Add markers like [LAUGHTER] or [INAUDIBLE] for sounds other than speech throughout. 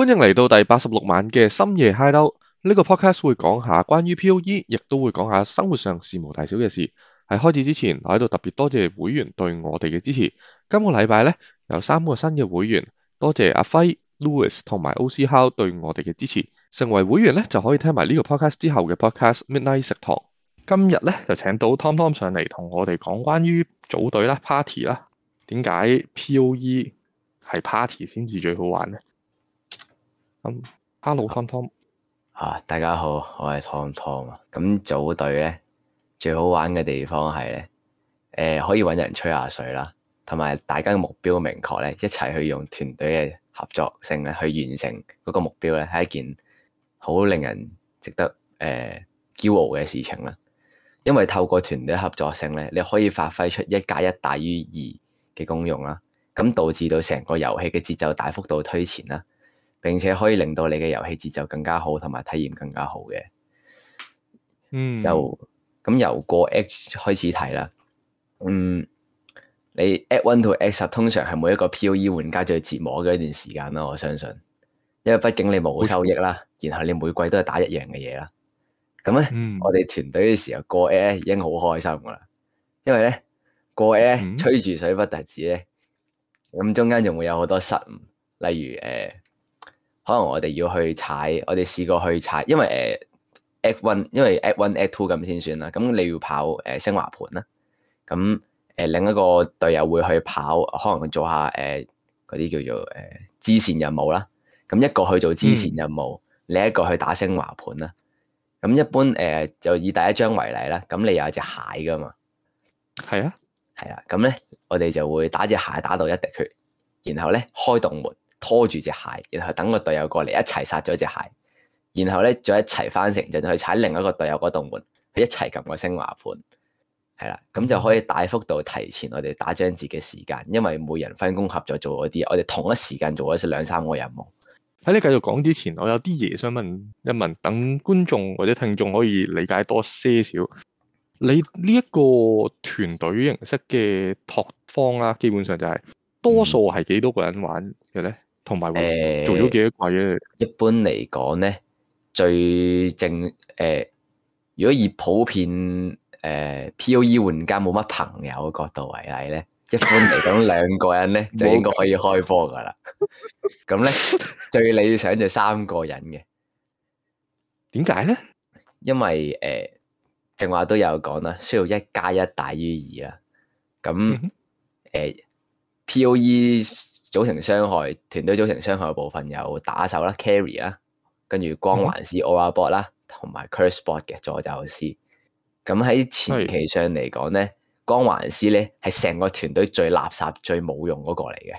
歡迎嚟到第八十六晚嘅深夜 Hideout，呢個 podcast 會講下關於 POE，亦都會講下生活上事無大小嘅事。喺開始之前，我喺度特別多謝會員對我哋嘅支持。今個禮拜呢，有三個新嘅會員，多謝阿輝、Louis 同埋 Oscar 對我哋嘅支持。成為會員呢，就可以聽埋呢個 podcast 之後嘅 podcast Midnight 食堂。今日呢，就請到 Tom Tom 上嚟同我哋講關於組隊啦、party 啦，點解 POE 係 party 先至最好玩呢？咁，Hello，湯湯啊！大家好，我係湯湯啊。咁組隊咧，最好玩嘅地方係咧，誒、呃，可以搵人吹下水啦，同埋大家嘅目標明確咧，一齊去用團隊嘅合作性咧去完成嗰個目標咧，係一件好令人值得誒、呃、驕傲嘅事情啦。因為透過團隊合作性咧，你可以發揮出一加一大於二嘅功用啦，咁導致到成個遊戲嘅節奏大幅度推前啦。並且可以令到你嘅遊戲節奏更加好，同埋體驗更加好嘅、嗯。嗯，就咁由過 X 開始睇啦。嗯，你 one to X 一到 X 十通常係每一個 POE 玩家最折磨嘅一段時間啦、啊。我相信，因為畢竟你冇收益啦，嗯、然後你每季都係打一樣嘅嘢啦。咁、嗯、咧、嗯，我哋團隊嘅時候過 A 已經好開心噶啦，因為咧過 A 吹住水不特止咧，咁中間仲會有好多失誤，例如誒。呃可能我哋要去踩，我哋試過去踩，因為誒、呃、Act One，因為 Act One Act Two 咁先算啦。咁你要跑誒升、呃、華盤啦，咁誒、呃、另一個隊友會去跑，可能做下誒嗰啲叫做誒支線任務啦。咁一個去做支線任務，另、嗯、一個去打升華盤啦。咁一般誒、呃、就以第一章為例啦，咁你有隻蟹噶嘛？係啊，係啦。咁咧我哋就會打隻蟹打到一滴血，然後咧開洞門。拖住隻鞋，然後等個隊友過嚟一齊殺咗隻鞋，然後咧再一齊翻城鎮，就去踩另一個隊友嗰道門，去一齊撳個升華盤，係啦，咁就可以大幅度提前我哋打張字嘅時間，因為每人分工合作做嗰啲，我哋同一時間做咗兩三個任務。喺你繼續講之前，我有啲嘢想問一問，等觀眾或者聽眾可以理解多些少？你呢一個團隊形式嘅拓荒啦，基本上就係、是、多數係幾多個人玩嘅咧？嗯同埋，誒，做咗幾多怪？一般嚟講咧，最正誒、呃，如果以普遍誒、呃、POE 玩家冇乜朋友嘅角度嚟睇咧，一般嚟講 [LAUGHS] 兩個人咧就應該可以開波噶啦。咁 [LAUGHS] 咧最理想就三個人嘅，點解咧？因為誒，正話都有講啦，需要一加一大於二啦。咁誒 POE。呃 POE 組成傷害團隊，組成傷害部分，有打手啦、carry 啦，跟住光環師、Aura Bot 啦，同埋 Curse Bot 嘅助咒師。咁喺前期上嚟講咧，是光環師咧係成個團隊最垃圾、最冇用嗰個嚟嘅。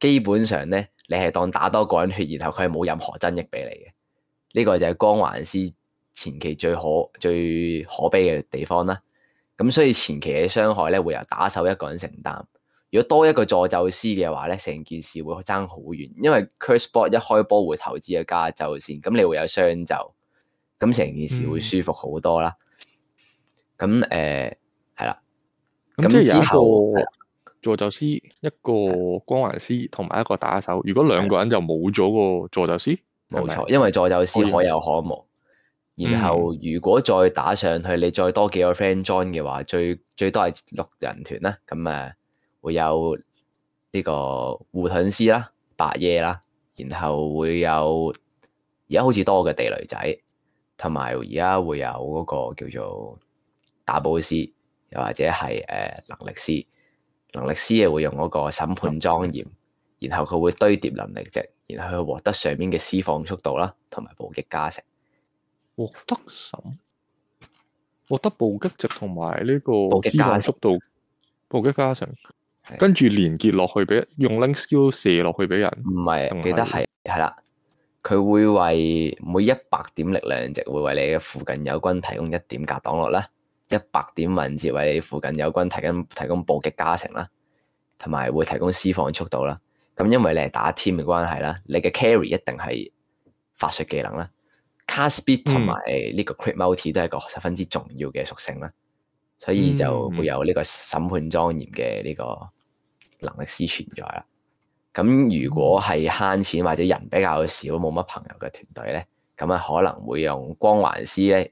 基本上咧，你係當打多個人血，然後佢係冇任何增益俾你嘅。呢、呢個就係光環師前期最可最可悲嘅地方啦。咁所以前期嘅傷害咧會由打手一個人承擔。如果多一個助咒師嘅話咧，成件事會爭好遠，因為 Curse Bot 一開波會投資個加咒先，咁你會有雙咒，咁成件事會舒服好多啦。咁誒、嗯，係啦、嗯。咁之後助咒師、嗯、一個光環師同埋一個打手，如果兩個人就冇咗個助咒師，冇、嗯、吧錯，因為助咒師可有可無。嗯、然後如果再打上去，你再多幾個 friend join 嘅話，最最多係六人團啦。咁、嗯、誒。嗯會有呢個護盾師啦、白夜啦，然後會有而家好似多嘅地雷仔，同埋而家會有嗰個叫做打寶師，又或者係誒能力師，能力師誒會用嗰個審判莊嚴，然後佢會堆疊能力值，然後佢獲得上面嘅施放速度啦，同埋暴擊加成。獲得什？獲得暴擊值同埋呢個施放速度，暴擊加成。跟住連結落去俾，用 link skills 射落去俾人。唔係是，我記得係係啦，佢會為每一百點力量值會為你嘅附近友軍提供一點格擋率啦，一百點敏捷為你附近友軍提供提供，提供暴擊加成啦，同埋會提供施放速度啦。咁因為你係打 team 嘅關係啦，你嘅 carry 一定係法術技能啦，cast speed 同埋呢個 crit multi 都係個十分之重要嘅屬性啦，所以就會有呢個審判莊嚴嘅呢、這個。能力師存在啦，咁如果係慳錢或者人比較少冇乜朋友嘅團隊咧，咁啊可能會用光環師咧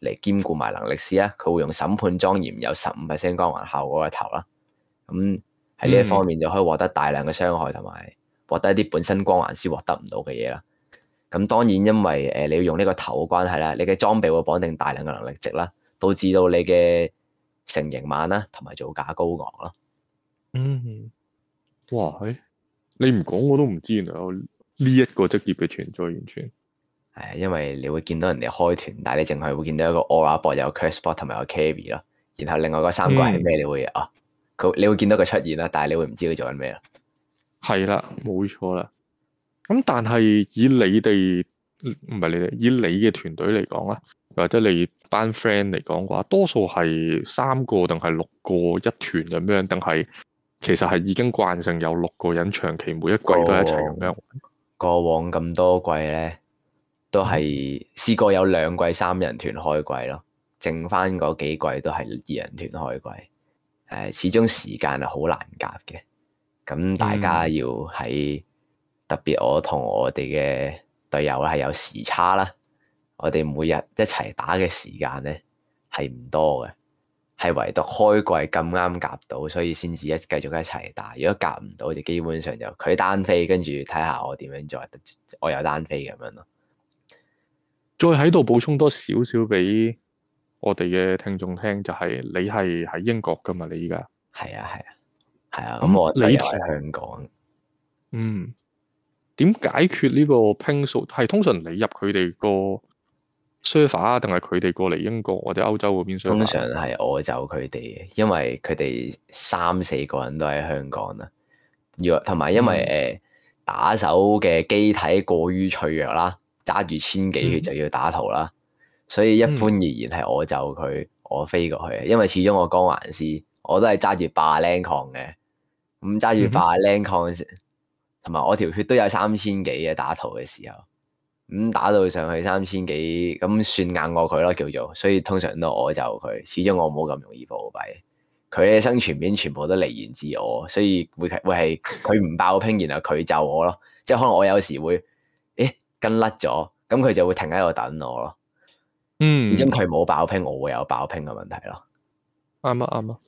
嚟兼顧埋能力師啊，佢會用審判莊嚴有十五 percent 光環效果嘅頭啦，咁喺呢一方面就可以獲得大量嘅傷害同埋、嗯、獲得一啲本身光環師獲得唔到嘅嘢啦。咁當然因為誒你要用呢個頭嘅關係啦，你嘅裝備會綁定大量嘅能力值啦，導致到你嘅成型慢啦同埋造價高昂咯。嗯，哇、嗯，你唔講我都唔知，原來有呢一個職業嘅存在。完全係因為你會見到人哋開團，但係你淨係會見到一個 aura bot 有 curse bot 同埋有 carry 咯。然後另外嗰三個係咩？你會、嗯、啊，佢你會見到佢出現啦，但係你會唔知佢做緊咩啊？係啦，冇錯啦。咁但係以你哋唔係你哋，以你嘅團隊嚟講咧，或者你班 friend 嚟講嘅話，多數係三個定係六個一團咁樣，定係？其實係已經慣性，有六個人長期每一季都一齊咁樣玩。過往咁多季咧，都係試過有兩季三人團開季咯，剩翻嗰幾季都係二人團開季。呃，始終時間係好難夾嘅，咁大家要喺特別我同我哋嘅隊友啦，係有時差啦，我哋每日一齊打嘅時間咧係唔多嘅。係唯獨開季咁啱夾到，所以先至一繼續一齊打。如果夾唔到，就基本上就佢單飛，跟住睇下我點樣再，我有單飛咁樣咯。再喺度補充多少少俾我哋嘅聽眾聽，就係、是、你係喺英國噶嘛？你依家係啊？係啊係啊。咁、啊、我你又喺香港。嗯。點解決呢個拼數？係通常你入佢哋個。server 啊，定係佢哋過嚟英國或者歐洲嗰邊？通常係我就佢哋，因為佢哋三四個人都喺香港啦。若同埋因為誒、嗯呃、打手嘅機體過於脆弱啦，揸住千幾血就要打圖啦，嗯、所以一般而言係我就佢，我飛過去，因為始終我光環師，我都係揸住霸 l 抗嘅，咁揸住霸 l 抗。同、嗯、埋我條血都有三千幾嘅打圖嘅時候。咁打到上去三千幾，咁算硬過佢咯，叫做。所以通常都我就佢，始終我冇咁容易破幣。佢嘅生存面全部都嚟源自我，所以會會係佢唔爆拼，然後佢就我咯。即係可能我有時會，誒跟甩咗，咁佢就會停喺度等我咯。嗯。因佢冇爆拼，我會有爆拼嘅問題咯。啱啊啱啊。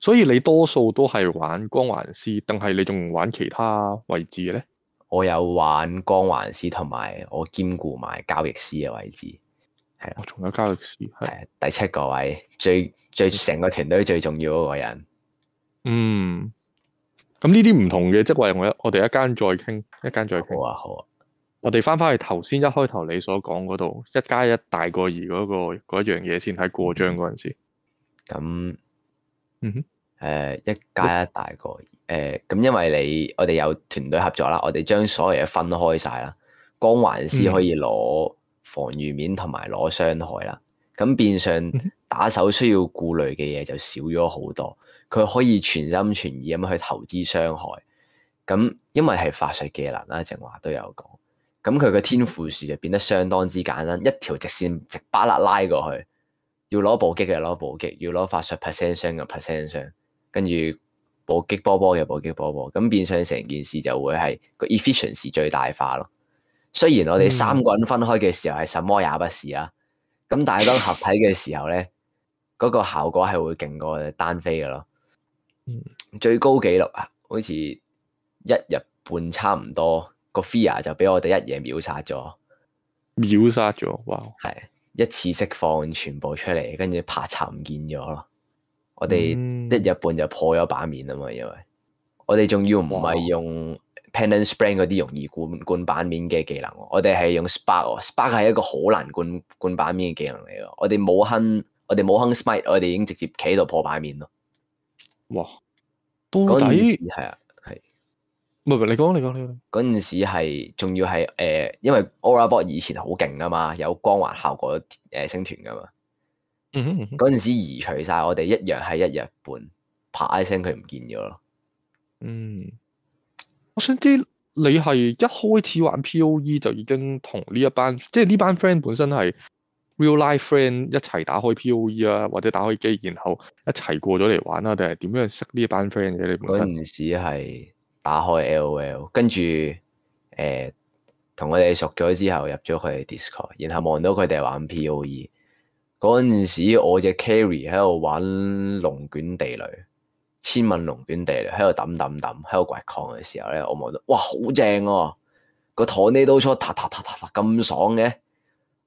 所以你多數都係玩光環師，定係你仲玩其他位置咧？我有玩光環師同埋，我兼顧埋交易師嘅位置，係啊，仲有交易師係第七個位，最最成個團隊最重要嗰個人。嗯，咁呢啲唔同嘅，即、就、位、是，話我我哋一間再傾，一間再傾。好啊，好啊，我哋翻翻去頭先一開頭你所講嗰度，一加一大過二嗰、那個嗰一、那個、樣嘢，先睇過張嗰陣時。咁、嗯，嗯哼。誒、uh, 一加一大個誒咁，uh, 因為你我哋有團隊合作啦，我哋將所有嘢分開晒啦。光環師可以攞防禦面同埋攞傷害啦，咁變相打手需要顧慮嘅嘢就少咗好多。佢可以全心全意咁去投資傷害。咁因為係法術技能啦，正話都有講。咁佢個天賦樹就變得相當之簡單，一條直線直巴粒拉過去，要攞暴擊嘅攞暴擊，要攞法術 percent 傷嘅 percent 傷跟住搏擊波波嘅搏擊波波，咁變相成件事就會係個 efficiency 最大化咯。雖然我哋三個人分開嘅時候係什麼也不是啊，咁、嗯、但係當合體嘅時候咧，嗰、嗰個效果係會勁過單飛嘅咯。嗯、最高紀錄啊，好似一日半差唔多個 fear 就俾我哋一夜秒殺咗，秒殺咗，哇！係一次釋放全部出嚟，跟住拍插唔見咗咯。我哋一日半就破咗版面啊嘛，因為我哋仲要唔係用 Penance Spring 嗰啲，容易灌灌板面嘅技能，我哋係用 spark，spark 係、哦、Sp 一個好難灌灌板面嘅技能嚟咯。我哋冇坑，我哋冇坑 smite，我哋已經直接企喺度破版面咯。哇！到底係啊，係唔係你講你講你講，嗰陣時係仲要係誒、呃，因為 Aura Bot 以前好勁啊嘛，有光環效果誒，星團㗎嘛。嗯，嗰陣時移除晒，我哋一樣係一日半，啪一聲佢唔見咗咯。嗯，我想知你係一開始玩 P O E 就已經同呢一班，即係呢班 friend 本身係 real life friend 一齊打開 P O E 啊，或者打開機，然後一齊過咗嚟玩啊，定係點樣識呢一班 friend 嘅？你本身嗰陣時係打開 L O L，跟住誒同佢哋熟咗之後入咗佢哋 Discord，然後望到佢哋玩 P O E。嗰陣時，我隻 carry 喺度玩龍捲地雷，千萬龍捲地雷喺度抌抌抌，喺度掘礦嘅時候咧，我望到，哇，好正哦、啊！個糖呢都出，踏踏踏踏踏咁爽嘅，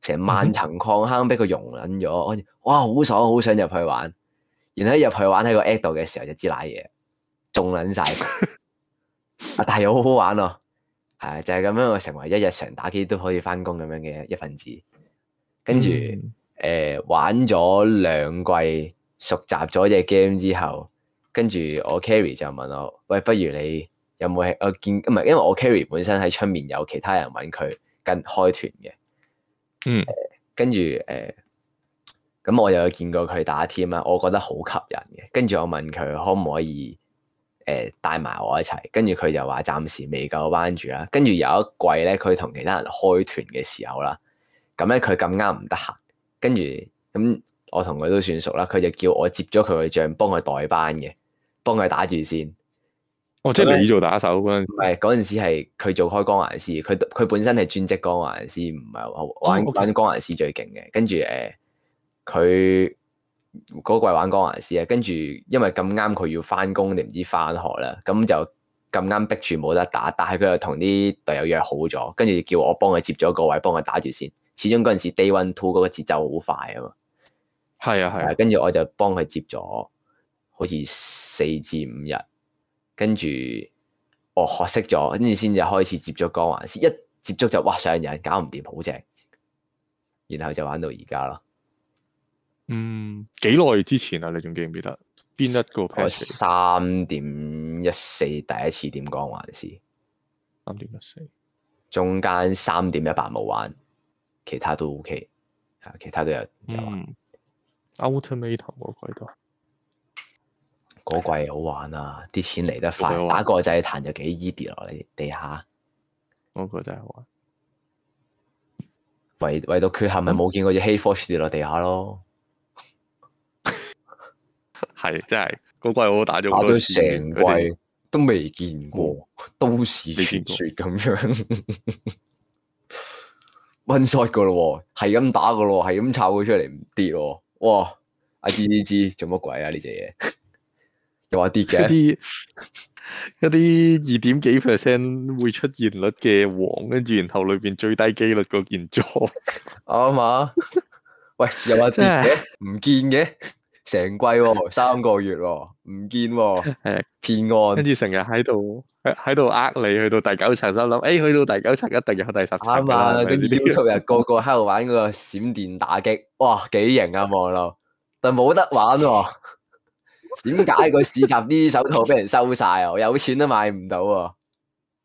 成萬層礦坑俾佢融捻咗，哇，好爽，好想入去玩。然後一入去玩喺個 add 度嘅時候，就知奶嘢，仲捻晒。 [LAUGHS] 啊，但係又好好玩咯、啊，係、啊、就係、是、咁樣，我成為一日常打機都可以翻工咁樣嘅一份子，跟住。 [LAUGHS] 誒、呃、玩咗兩季熟習咗隻 game 之後，跟住我 carry 就問我：喂，不如你有冇？我見唔係因為我 carry 本身喺出面有其他人揾佢跟開團嘅，嗯，跟住誒咁，呃、我又有見過佢打 team 啦，我覺得好吸引嘅。跟住我問佢可唔可以誒、呃、帶埋我一齊？跟住佢就話暫時未夠班住啦。跟住有一季咧，佢同其他人開團嘅時候啦，咁咧佢咁啱唔得閒。跟住咁，我同佢都算熟啦。佢就叫我接咗佢個賬，幫佢代班嘅，幫佢打住先。哦，即係你做打手嗰陣？係嗰陣時係佢做開光環師，佢佢本身係專職光環師，唔係玩玩光環師最勁嘅、哦 okay。那個。跟住誒，佢嗰季玩光環師啊。跟住因為咁啱佢要翻工定唔知翻學啦，咁就咁啱逼住冇得打。但係佢又同啲隊友約好咗，跟住叫我幫佢接咗個位，幫佢打住先。始終嗰陣時 day one two 嗰個節奏好快啊嘛，係啊係，跟住、嗯、我就幫佢接咗，好似四至五日，跟住我學識咗，跟住先至開始接咗光環師，一接觸就哇上癮，搞唔掂好正，然後就玩到而家咯。嗯，幾耐之前啊？你仲記唔記得邊一個？我三點一四第一次掂光環師，三點一四，中間三點一八冇玩。其他都 OK，其他都有。有嗯，Ultimate 嗰季都，嗰季好玩啊！啲的錢嚟得快，個打個仔彈就幾易跌落嚟地下。嗰個真係好玩，唯唯獨缺陷咪冇見過隻黑火士跌落地下咯。係 [LAUGHS] 真係，嗰、那個、季我打咗好多成季都未見過，們都市傳說咁樣。 [LAUGHS] one shot 噶咯，係咁打噶咯，係咁炒佢出嚟唔跌咯，哇！阿 GGG 做乜鬼啊？呢隻嘢又話跌嘅，一啲一啲二點幾 percent 會出現率嘅王，跟住然後裏邊最低幾率嗰件裝。啱 [LAUGHS] 嘛？ [LAUGHS] [LAUGHS] 喂，又話跌嘅，唔見嘅，成季、哦、三個月唔見、哦，騙 [LAUGHS] 的案，跟住成日喺度。喺喺度，呃，你去到第九層，心諗誒，去到第九層一定有第十層啦。啱啊，啲超速人個個喺度玩嗰個閃電打擊，哇，幾型啊，望落，但係冇得玩喎。點解個市集啲手套俾人收晒啊？我有錢都買唔到喎。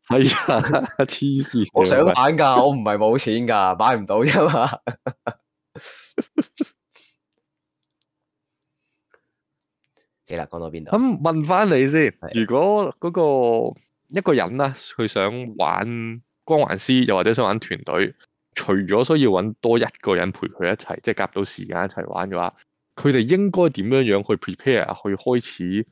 係啊，黐線！我想玩噶，我唔係冇錢噶，買唔到啫嘛。嚟啦，講到邊度？咁問翻你先，如果嗰個。一個人啦、啊，佢想玩光環師，又或者想玩團隊，除咗需要揾多一個人陪佢一齊，即係夾到時間一齊玩嘅話，佢哋應該點樣樣去 prepare 去開始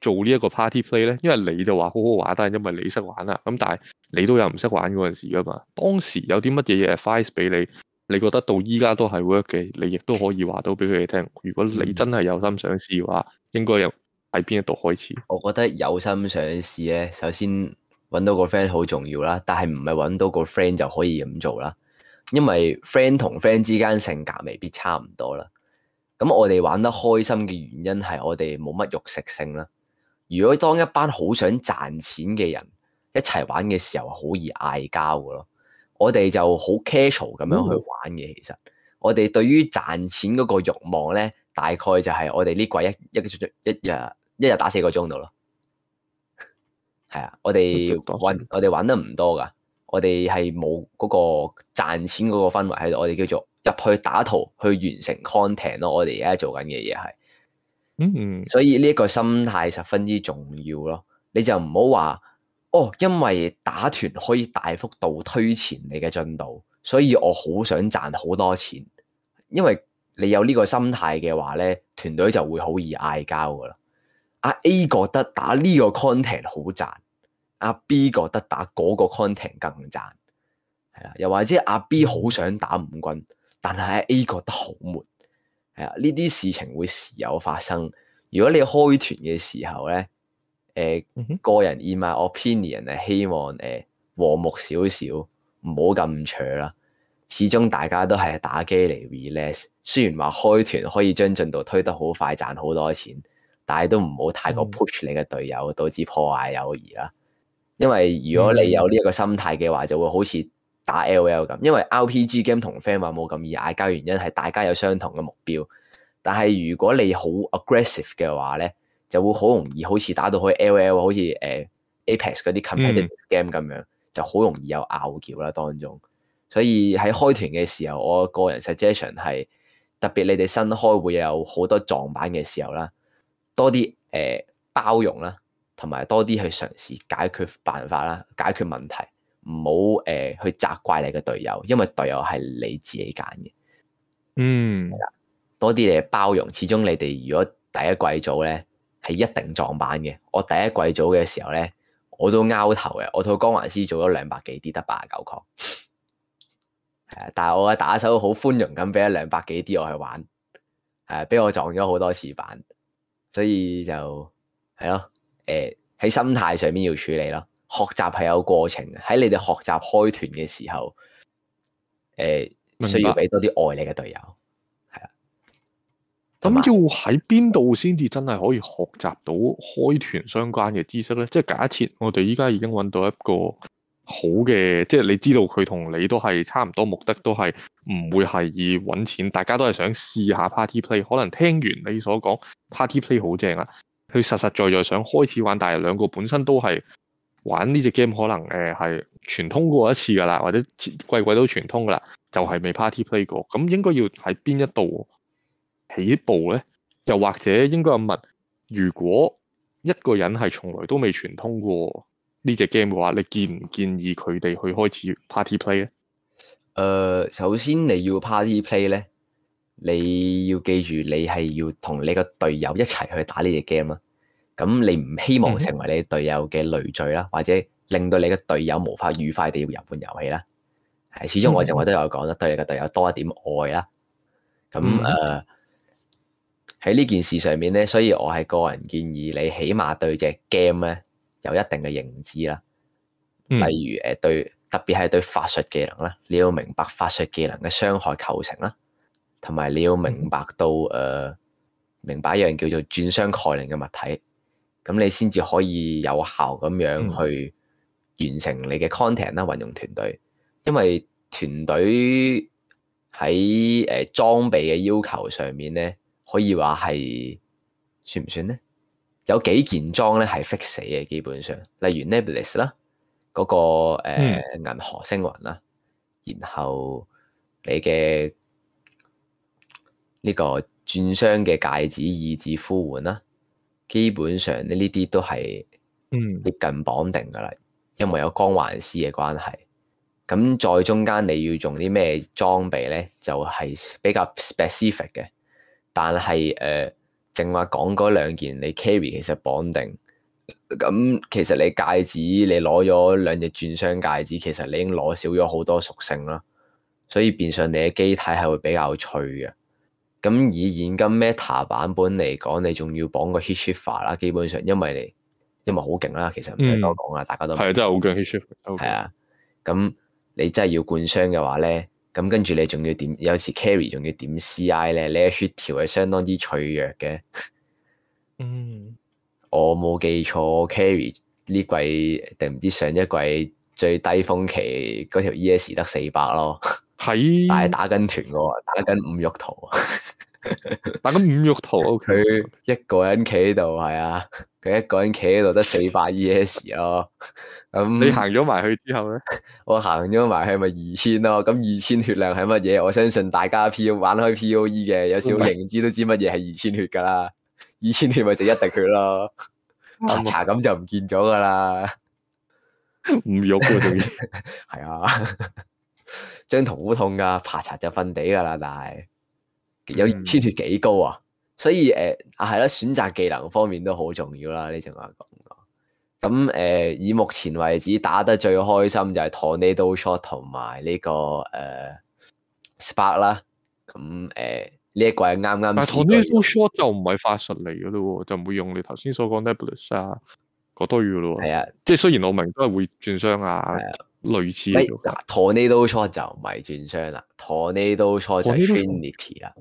做呢一個 party play 咧？因為你就話好好玩，但係因為你識玩啦，咁但係你都有唔識玩嗰陣時噶嘛。當時有啲乜嘢嘢 advice 俾你，你覺得到依家都係 work 嘅，你亦都可以話到俾佢哋聽。如果你真係有心想試嘅話，應該有。喺邊一度開始？我覺得有心想試咧，首先搵到個 friend 好重要啦。但係唔係搵到個 friend 就可以咁做啦，因為 friend 同 friend 之間性格未必差唔多啦。咁我哋玩得開心嘅原因係我哋冇乜肉食性啦。如果當一班好想賺錢嘅人一齊玩嘅時候，好易嗌交噶咯。我哋就好 casual 咁樣去玩嘅。嗯、其實我哋對於賺錢嗰個欲望咧，大概就係我哋呢季一一一日。一一一一日打四個鐘度咯，係 [LAUGHS] 啊，我哋玩我哋玩得唔多噶，我哋係冇嗰個賺錢嗰個氛圍喺度。我哋叫做入去打圖去完成 content 咯。我哋而家做緊嘅嘢係，嗯、mm，hmm. 所以呢一個心態十分之重要咯。你就唔好話哦，因為打團可以大幅度推前你嘅進度，所以我好想賺好多錢。因為你有呢個心態嘅話咧，團隊就會好易嗌交噶啦。阿 A 覺得打呢個 content 好賺，阿 B 覺得打嗰個 content 更賺，係啦。又或者阿 B 好想打五軍，但係阿 A 覺得好悶。係啊，呢啲事情會時有發生。如果你開團嘅時候咧，誒、呃、個人意見，我 opinion 係希望誒、呃、和睦少少，唔好咁吵啦。始終大家都係打機嚟 relax。雖然話開團可以將進度推得好快，賺好多錢。但係都唔好太過 push 你嘅隊友，導致、嗯、破壞友誼啦。因為如果你有呢一個心態嘅話，就會好似打 L.O.L. 咁。因為 RPG game 同 friend 玩冇咁易嗌交，原因係大家有相同嘅目標。但係如果你好 aggressive 嘅話咧，就會好容易好似打到去 L.O.L. 好似誒 Apex 嗰啲 competitive game 咁樣，嗯、就好容易有拗撬啦當中。所以喺開團嘅時候，我個人 suggestion 係特別你哋新開會有好多撞板嘅時候啦。多啲誒、呃、包容啦，同埋多啲去嘗試解決辦法啦，解決問題，唔好誒去責怪你嘅隊友，因為隊友係你自己揀嘅。嗯，多啲嘅包容，始終你哋如果第一季組咧係一定撞板嘅。我第一季組嘅時候咧，我都拗頭嘅，我套光環師做咗兩百幾啲得八十九個，係啊， [LAUGHS] 但係我嘅打手好寬容咁俾咗兩百幾啲我去玩，係、啊、俾我撞咗好多次板。所以就係咯，誒喺、呃、心態上面要處理咯，學習係有過程嘅，喺你哋學習開團嘅時候，誒、呃、需要俾多啲愛你嘅隊友，係啦。咁白嗎要喺邊度先至真係可以學習到開團相關嘅知識咧？即係假設我哋依家已經揾到一個。好嘅，即係你知道佢同你都係差唔多目的，都係唔會係以揾錢，大家都係想試下 party play。可能聽完你所講 party play 好正啦，佢實實在在想開始玩，但係兩個本身都係玩呢隻 game，可能誒係全通過一次㗎啦，或者季季都全通㗎啦，就係未 party play 過。咁應該要喺邊一度起步呢？又或者應該問，如果一個人係從來都未全通過？呢隻 game 嘅話，你建唔建議佢哋去開始 party play 咧？誒，首先你要 party play 咧，你要記住你係要同你個隊友一齊去打呢隻 game 啦。咁你唔希望成為你隊友嘅累贅啦，或者令到你個隊友無法愉快地入玩遊戲啦。係始終我淨係都有講啦，對你個隊友多一點愛啦。咁誒喺呢件事上面咧，所以我係個人建議你起碼對隻 game 咧，有一定嘅認知啦，例如誒對，特別係對法術技能啦，你要明白法術技能嘅傷害構成啦，同埋你要明白到誒、呃，明白一樣叫做轉傷概念嘅物體，咁你先至可以有效咁樣去完成你嘅 content 啦，運用團隊，因為團隊喺誒、呃、裝備嘅要求上面咧，可以話係算唔算咧？有幾件裝咧係 fix 死嘅，基本上，例如 Nebulus o 啦，嗰、那個誒、呃、銀河星雲啦，然後你嘅呢、這個鑽箱嘅戒指意志呼喚啦，基本上呢啲都係貼近綁定噶啦，嗯、因為有光環師嘅關係。咁再中間你要用啲咩裝備咧，就係、是、比較 specific 嘅，但係誒。呃淨話講嗰兩件你 carry 其實綁定，咁其實你戒指你攞咗兩隻鑽箱戒指，其實你已經攞少咗好多屬性啦，所以變相你嘅機體係會比較脆嘅。咁以現今 Meta 版本嚟講，你仲要綁個 Heat Shifter 啦，基本上因為你因為好勁啦，其實唔使多講啦，嗯、大家都係真係好勁 Heat Shifter。係啊，咁你真係要冠箱嘅話咧。咁跟住你仲要點？有時 Carry 仲要點 CI 咧？你嘅血條係相當之脆弱嘅。嗯，我冇記錯，Carry 呢季定唔知上一季最低峰期嗰條 ES 得四百咯。係嗎，但係打緊團喎，打緊五玉圖， [LAUGHS] [LAUGHS] 打緊五玉圖，k、okay. 一個人企喺度係啊。佢一個人企喺度得四百 E.S 咯，咁、 [LAUGHS] 嗯、你行咗埋去之後咧， [LAUGHS] 我行咗埋去咪二千咯，咁二千血量係乜嘢？我相信大家 P 玩開 P.O.E 嘅有少少認知都知乜嘢係二千血噶啦，二千血咪就一滴血咯， [LAUGHS] 爬茶咁就唔見咗噶啦，唔喐嘅仲要，係啊，張圖好痛噶，爬茶就瞓地噶啦，但係有二千血幾高啊？所以誒啊，係啦，選擇技能方面都好重要啦。呢種話講，咁誒、啊、以目前為止打得最開心就係 Tornado Shot、這個》同埋呢個誒 Spark 啦。咁誒呢一季啱啱。啊這個、剛剛但係 Tornado Shot 就、啊》就唔係法術嚟嘅咯喎，就唔會用你頭先所講 double shot 嗰堆嘅咯喎。啊，啊即係雖然我明都係會轉傷啊，啊類似、啊。t o n 喂，Tornado Shot 就、啊》shot orn 就唔係轉傷啦，Tornado Shot》就 trinity 啦。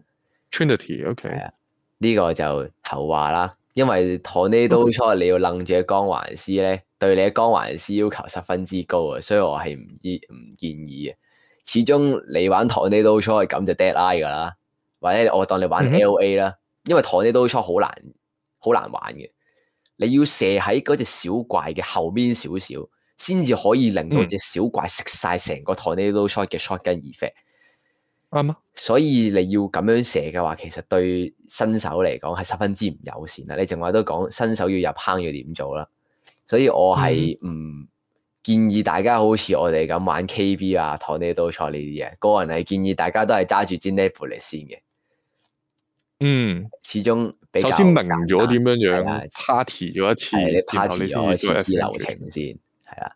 Trinity, trinity ok、啊。呢個就後話啦，因為 Tornado Shot 你要掹住個光環師咧，對你嘅光環師要求十分之高啊，所以我係唔意唔建議啊。始終你玩 Tornado Shot 咁就 Deadeye 噶啦，或者我當你玩 LA 啦，mm hmm. 因為 Tornado Shot 好難好難玩嘅，你要射喺嗰隻小怪嘅後面少少，先至可以令到隻小怪食晒成個 Tornado Shot 嘅 shotgun effect 啱，所以你要咁樣射嘅話，其實對新手嚟講係十分之唔友善啦。你淨話都講新手要入坑要點做啦，所以我係唔建議大家好似我哋咁玩 KB 啊、Tornado Shot 呢啲嘢。個人係建議大家都係揸住尖 level 嚟先嘅。嗯，始終首先明咗點樣樣的，party 咗一次，你 Party 咗一次然後你先開始流程先，係啦、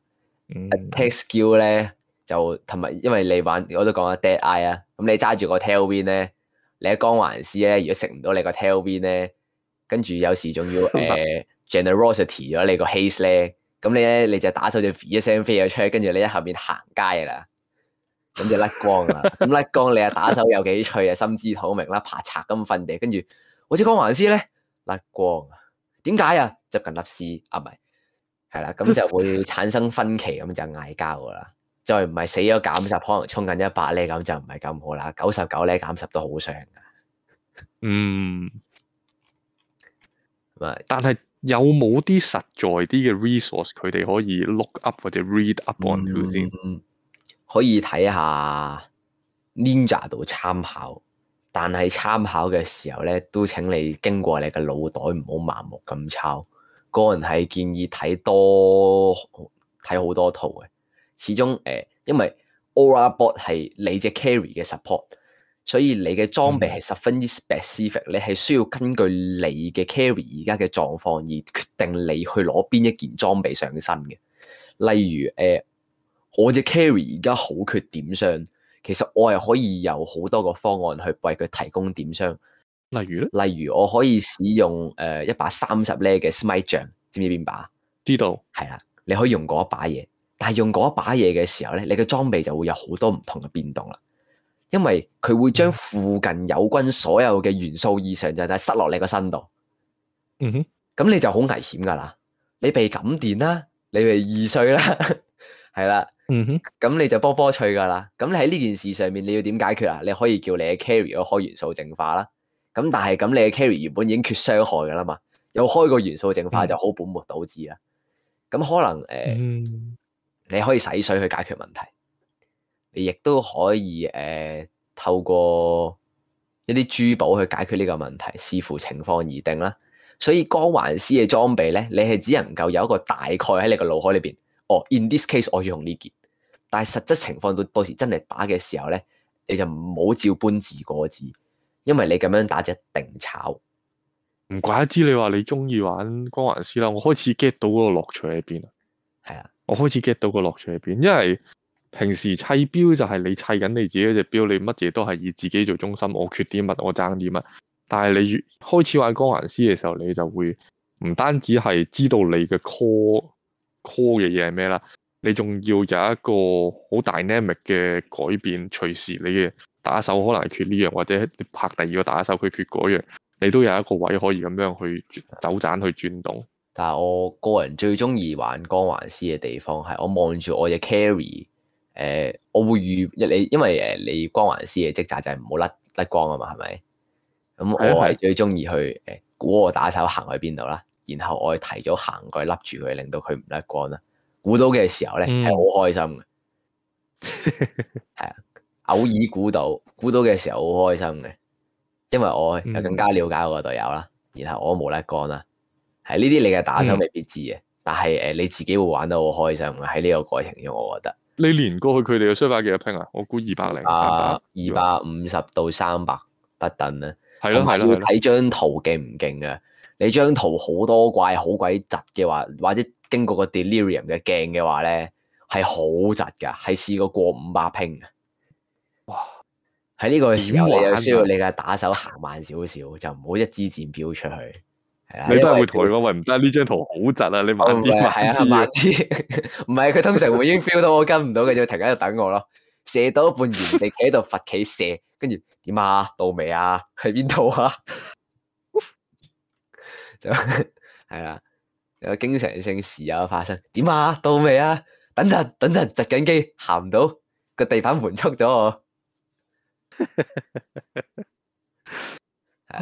嗯。attack skill 咧。嗯就同埋，因為你玩，我都講啊，Deadeye 啊，咁你揸住個 Tailwind 咧，你喺光環師咧，如果食唔到你個 Tailwind 咧，跟住有時仲要誒、呃嗯、generosity 咗你個 haste 咧，咁你咧你就打手就一聲飛咗出去，跟住你喺後面行街啦，咁就甩光啦，咁甩 [LAUGHS] 光你啊打手有幾脆啊，心知肚明啦、啊，爬賊咁瞓地，跟住或者光環師咧甩光，啊，點解啊？執緊粒屎啊，唔係，係啦，咁就會產生分歧，咁就嗌交噶啦。就唔係死咗減十，可能衝緊一百咧，咁就唔係咁好啦。九十九咧減十都好傷㗎。嗯。但係有冇啲實在啲嘅 resource，佢哋可以 look up 或者 read up on 佢先、嗯嗯。可以睇下 Ninja 度參考，但係參考嘅時候咧，都請你經過你嘅腦袋，唔好盲目咁抄。個人係建議睇多睇好多套嘅。始終誒、呃，因為 Aura Bot 係你隻 carry 嘅 support，所以你嘅裝備係十分之 specific、嗯。你係需要根據你嘅 carry 而家嘅狀況而決定你去攞邊一件裝備上身嘅。例如誒、呃，我隻 carry 而家好缺點傷，其實我係可以有好多個方案去為佢提供點傷。例如咧，例如我可以使用誒、呃、一把三十咧嘅 smite 杖，知唔知邊把？知道。係啦，你可以用嗰一把嘢。但係用嗰把嘢嘅時候咧，你嘅裝備就會有好多唔同嘅變動啦。因為佢會將附近友軍所有嘅元素異常狀態塞落你個身度，嗯哼，咁你就好危險噶啦。你被感電啦，你被二碎啦，係 [LAUGHS] 啦了，嗯、哼，咁你就波波脆噶啦。咁你喺呢件事上面你要點解決啊？你可以叫你嘅 carry 開元素淨化啦。咁但係咁你嘅 carry 原本已經缺傷害噶啦嘛，有開個元素淨化就好本末倒置啦。咁、嗯、哼可能誒。呃嗯你可以洗水去解決問題，你亦都可以誒、呃、透過一啲珠寶去解決呢個問題，視乎情況而定啦。所以光環師嘅裝備咧，你係只能夠有一個大概喺你個腦海裏邊。哦，in this case 我用呢件，但係實質情況到到時真係打嘅時候咧，你就唔好照搬字個字，因為你咁樣打就一定炒。唔怪得之你話你中意玩光環師啦，我開始 get 到嗰個樂趣喺邊啦。我開始 get 到個樂趣喺邊，因為平時砌表就係你砌緊你自己嗰隻表，你乜嘢都係以自己做中心。我缺啲乜，我爭啲乜。但係你開始玩光環師嘅時候，你就會唔單止係知道你嘅 call call 嘅嘢係咩啦，你仲要有一個好大 dynamic 嘅改變。隨時你嘅打手可能缺呢樣，或者拍第二個打手佢缺嗰樣，你都有一個位可以咁樣去走盞去轉動。但係我個人最中意玩光環師嘅地方係我望住我隻 carry，誒、呃，我會預你，因為誒你光環師嘅職責就係唔好甩甩光啊嘛，係咪？咁我係最中意去誒估我打手行去邊度啦，然後我提早行過去，笠住佢，令到佢唔甩光啦。估到嘅時候咧係好開心嘅，係啊，偶爾估到，估到嘅時候好開心嘅，因為我有更加了解我個隊友啦，然後我冇甩光啦。呢啲你嘅打手未必知嘅，嗯、但係誒、uh, 你自己會玩得好開心喺呢個過程，咁我覺得。你連過去佢哋嘅 super 幾多 ping 啊？我估二百零二百五十到三百不等啦、啊。係咯係咯，睇張圖勁唔勁噶？你張圖好多怪好鬼窒嘅話，或者經過個 delirium 嘅鏡嘅話咧，係好窒噶，係試過過五百 ping 啊，哇！喺呢個時候，你有需要你嘅打手行慢少少，就唔好一支箭飆出去。你都係會同佢講，喂唔得，呢張圖好窒啊！你慢啲，係啊，慢啲，唔係佢通常會已經 feel 到我跟唔到，佢就停喺度等我咯。射到一半，原地企喺度罰企射，跟住點啊？到未啊？去邊度啊？就係啦，有經常性事啊發生。點啊？到未啊？等陣，等陣，窒緊機，行唔到個地板門速咗。我。」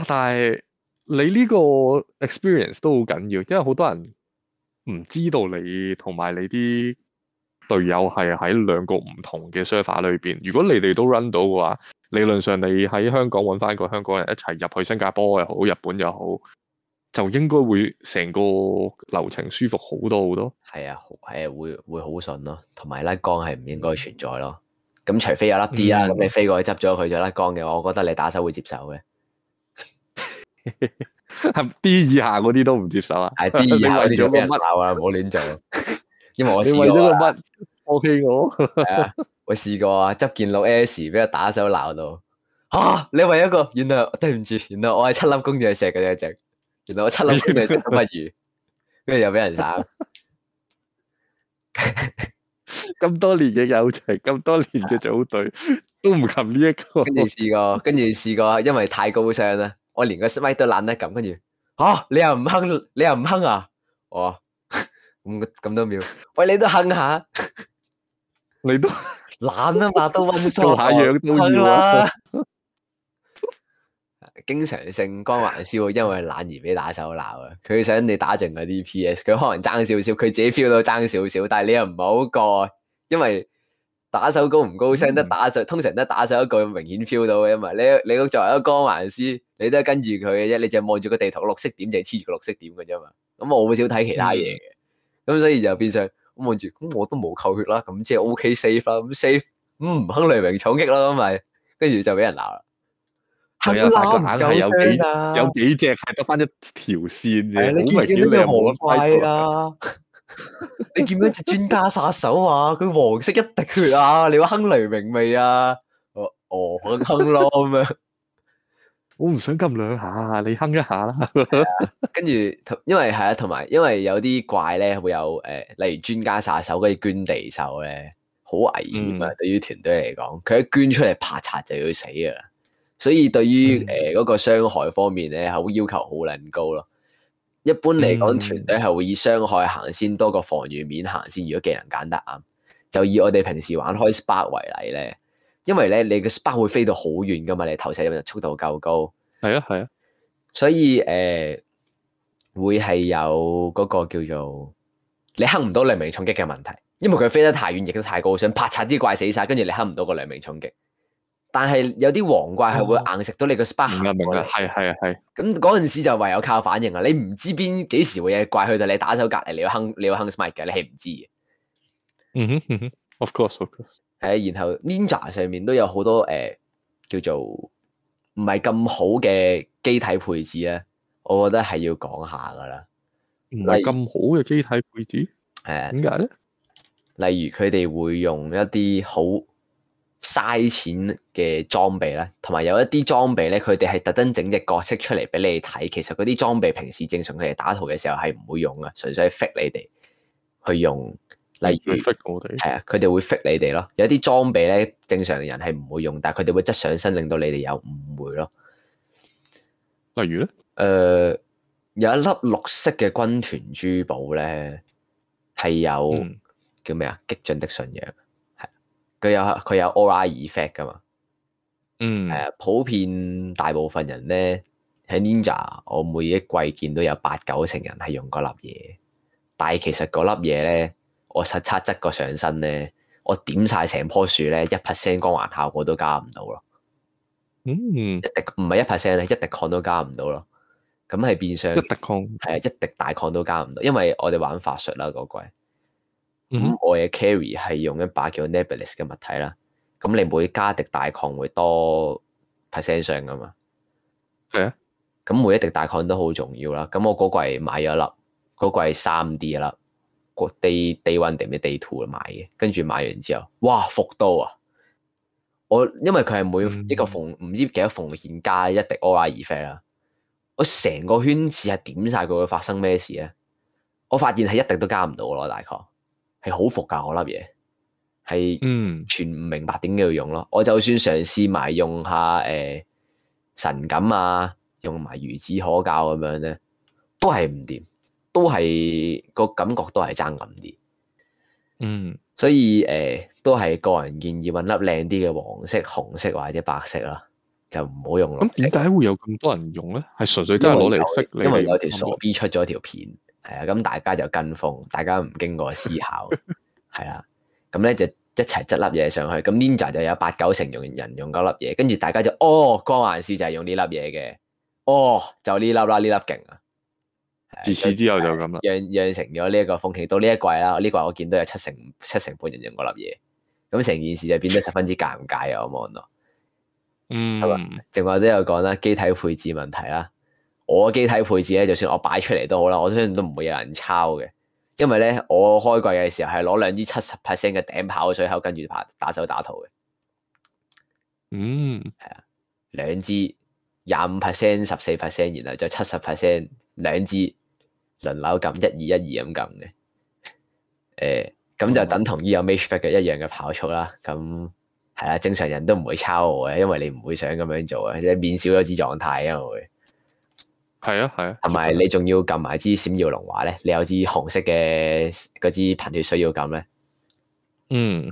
但係。你呢個 experience 都好緊要，因為好多人唔知道你同埋你啲隊友係喺兩個唔同嘅 server 裏邊。如果你哋都 run 到嘅話，理論上你喺香港揾翻個香港人一齊入去新加坡又好，日本又好，就應該會成個流程舒服好多好多。係啊，係啊，會會好順咯，同埋甩光係唔應該存在咯。咁除非有甩啲啦，咁你飛過去執咗佢就甩光嘅話，我覺得你打手會接受嘅。係 D 以下嗰啲都唔接受啊！你為咗個乜鬧啊？唔好亂做啊。因為我試咗啦。O K，我係啊，我試過啊，執件六 S 俾佢打手鬧到啊！你為一個，原來對唔住，原來我係七粒公定石嘅一隻，原來我七粒公定係石不如，跟住來又俾人省。咁 [LAUGHS] 多年嘅友情，咁多年嘅組隊， [LAUGHS] 都唔及呢一個。跟住試過，跟住試過、啊，因為太高傷啦。我、哦、連個 Smite 都懶得撳，跟住，吓、啊、你又唔哼，你又唔哼啊？哦，咁咁多秒，喂，你都哼下，你都懶啊嘛，都溫數 [LAUGHS] 做下樣都要啊。吧 [LAUGHS] 經常性光環師，因為懶而俾打手鬧啊。佢想你打盡嗰啲 ps，佢可能爭少少，佢自己 feel 到爭少少，但係你又唔好過，因為。打手高唔高聲？得、嗯、打手通常都打手一句明顯 feel 到嘅。因為你你作為一個光環師，你都係跟住佢嘅啫。你淨係望住個地圖綠色點就黐住個綠色點嘅啫嘛。咁我好少睇其他嘢嘅，咁、嗯、所以就變相咁望住，咁我，我都冇扣血啦。咁即係 OK safe 啦。咁 safe，唔哼雷明重擊啦，咁咪跟住就俾人鬧啦。啊、有幾、啊、有幾隻只係得翻咗條線啫，咁咪叫你浪費啦。 [LAUGHS] [LAUGHS] 你見唔見隻專家殺手啊？佢黃色一滴血啊！你話哼雷明未啊？呃呃嗯、 [LAUGHS] 我我哼咯咁樣，我唔想撳兩下，你哼一下啦。 [LAUGHS] uh, 跟住，因為係啊，同埋因為有啲怪咧會有誒、呃，例如專家殺手嗰啲捐地獸咧，好危險啊！嗯、對於團隊嚟講，佢一捐出嚟，爬擦就要死噶啦。所以對於誒嗰個傷害方面咧，好要求好撚高咯。一般嚟講，團隊係會以傷害行先，多過防禦面行先。如果技能揀得啱，就以我哋平時玩開 spark 為例咧，因為咧你嘅 spark 會飛到好遠噶嘛，你投射入速度夠高係啊係啊，啊所以誒、呃、會係有嗰個叫做你坑唔到黎明衝擊嘅問題，因為佢飛得太遠，亦都太高，想拍拆啲怪死晒，跟住你坑唔到個黎明衝擊。但係有啲黃怪係會硬食到你個 spark，嗯嗯、明係係啊係。咁嗰陣時就唯有靠反應啊。你唔知邊幾時會有怪去到你打手隔籬，你有坑你有 Hunter's Mark 嘅，你係唔知嘅、嗯。嗯哼嗯哼，of course of course。誒，然後 Ninja 上面都有好多誒、呃、叫做唔係咁好嘅機體配置咧，我覺得係要講下噶啦。唔係咁好嘅機體配置？誒，點解咧？例如佢哋、嗯、會用一啲好。嘥錢嘅裝備咧，同埋有一啲裝備咧，佢哋係特登整隻角色出嚟俾你睇。其實嗰啲裝備平時正常佢哋打圖嘅時候係唔會用嘅，純粹係 fit 你哋去用。例如，佢哋會 fit 我哋係啊，佢哋會 fit 你哋咯。有一啲裝備咧，正常人係唔會用，但係佢哋會質上身，令到你哋有誤會咯。例如咧，誒、呃，有一粒綠色嘅軍團珠寶咧，係有、嗯、叫咩啊？激進的信仰。佢有佢有 all eye effect 噶嘛？嗯，誒，普遍大部分人咧喺 Ninja，我每一季見到有八九成人係用嗰粒嘢，但係其實嗰粒嘢咧，我實測質個上身咧，我點晒成樖樹咧，一 percent 光環效果都加唔到咯。嗯，一滴唔係一 percent 咧，一滴抗都加唔到咯。咁係變相一滴抗係啊，一滴大抗都加唔到，因為我哋玩法術啦嗰季。那個咁、嗯嗯、我嘅 carry 係用一把叫 Nebulis 嘅物體啦。咁你每加一滴大抗會多 percent 上噶嘛？係啊。咁每一滴大抗都好重要啦。咁我嗰個係買咗粒，嗰、那個係三 D 嘅粒，Day one 定咩 Day two 買嘅。跟住買完之後，哇！復到啊！我因為佢係每一個逢唔、嗯、知幾多奉獻加一滴 o r i p 啦、e。我成個圈子係點晒，佢會發生咩事咧？我發現係一滴都加唔到咯，大概。係好浮噶，我粒嘢係嗯全唔明白點解要用咯。嗯、我就算嘗試埋用下誒、呃、神感啊，用埋孺子可教咁樣咧，都係唔掂，都係、個感覺都係爭暗啲。嗯，所以誒、呃、都係個人建議，揾粒靚啲嘅黃色、紅色或者白色啦，就唔好用咯。咁點解會有咁多人用咧？係純粹都係攞嚟識你因，因為有條傻 B 出咗條片。係啊，咁大家就跟風，大家唔經過思考，係啦， [LAUGHS] 咁、嗯、咧就一齊執粒嘢上去。咁、嗯、Ninja 就有八九成用人用嗰粒嘢，跟住大家就哦，光環師就係用呢粒嘢嘅，哦，就呢粒啦，呢粒勁啊！自此之後就咁啦，養養成咗呢一個風氣。到呢一季啦，呢季我見到有七成七成半人用嗰粒嘢，咁、嗯、成、嗯、件事就變得十分之尷尬啊！我望到，嗯，係嘛，正話都有講啦，機體配置問題啦。我機體配置咧，就算我擺出嚟都好啦，我相信都唔會有人抄嘅，因為咧我開季嘅時候係攞兩支七十 percent 嘅頂跑水口，跟住打打手打圖嘅。嗯，係啊，兩支廿五 percent、十四 percent，然後再七十 percent，兩支輪流咁一二一二咁撳嘅。誒、欸，咁就等同於有 Mageblood 一樣嘅跑速啦。咁係啦，正常人都唔會抄我嘅，因為你唔會想咁樣做啊，即係面少咗支狀態啊會。係啊，係啊，同埋你仲要撳埋支閃耀龍華咧？你有支紅色嘅嗰支噴血水需要撳咧？嗯，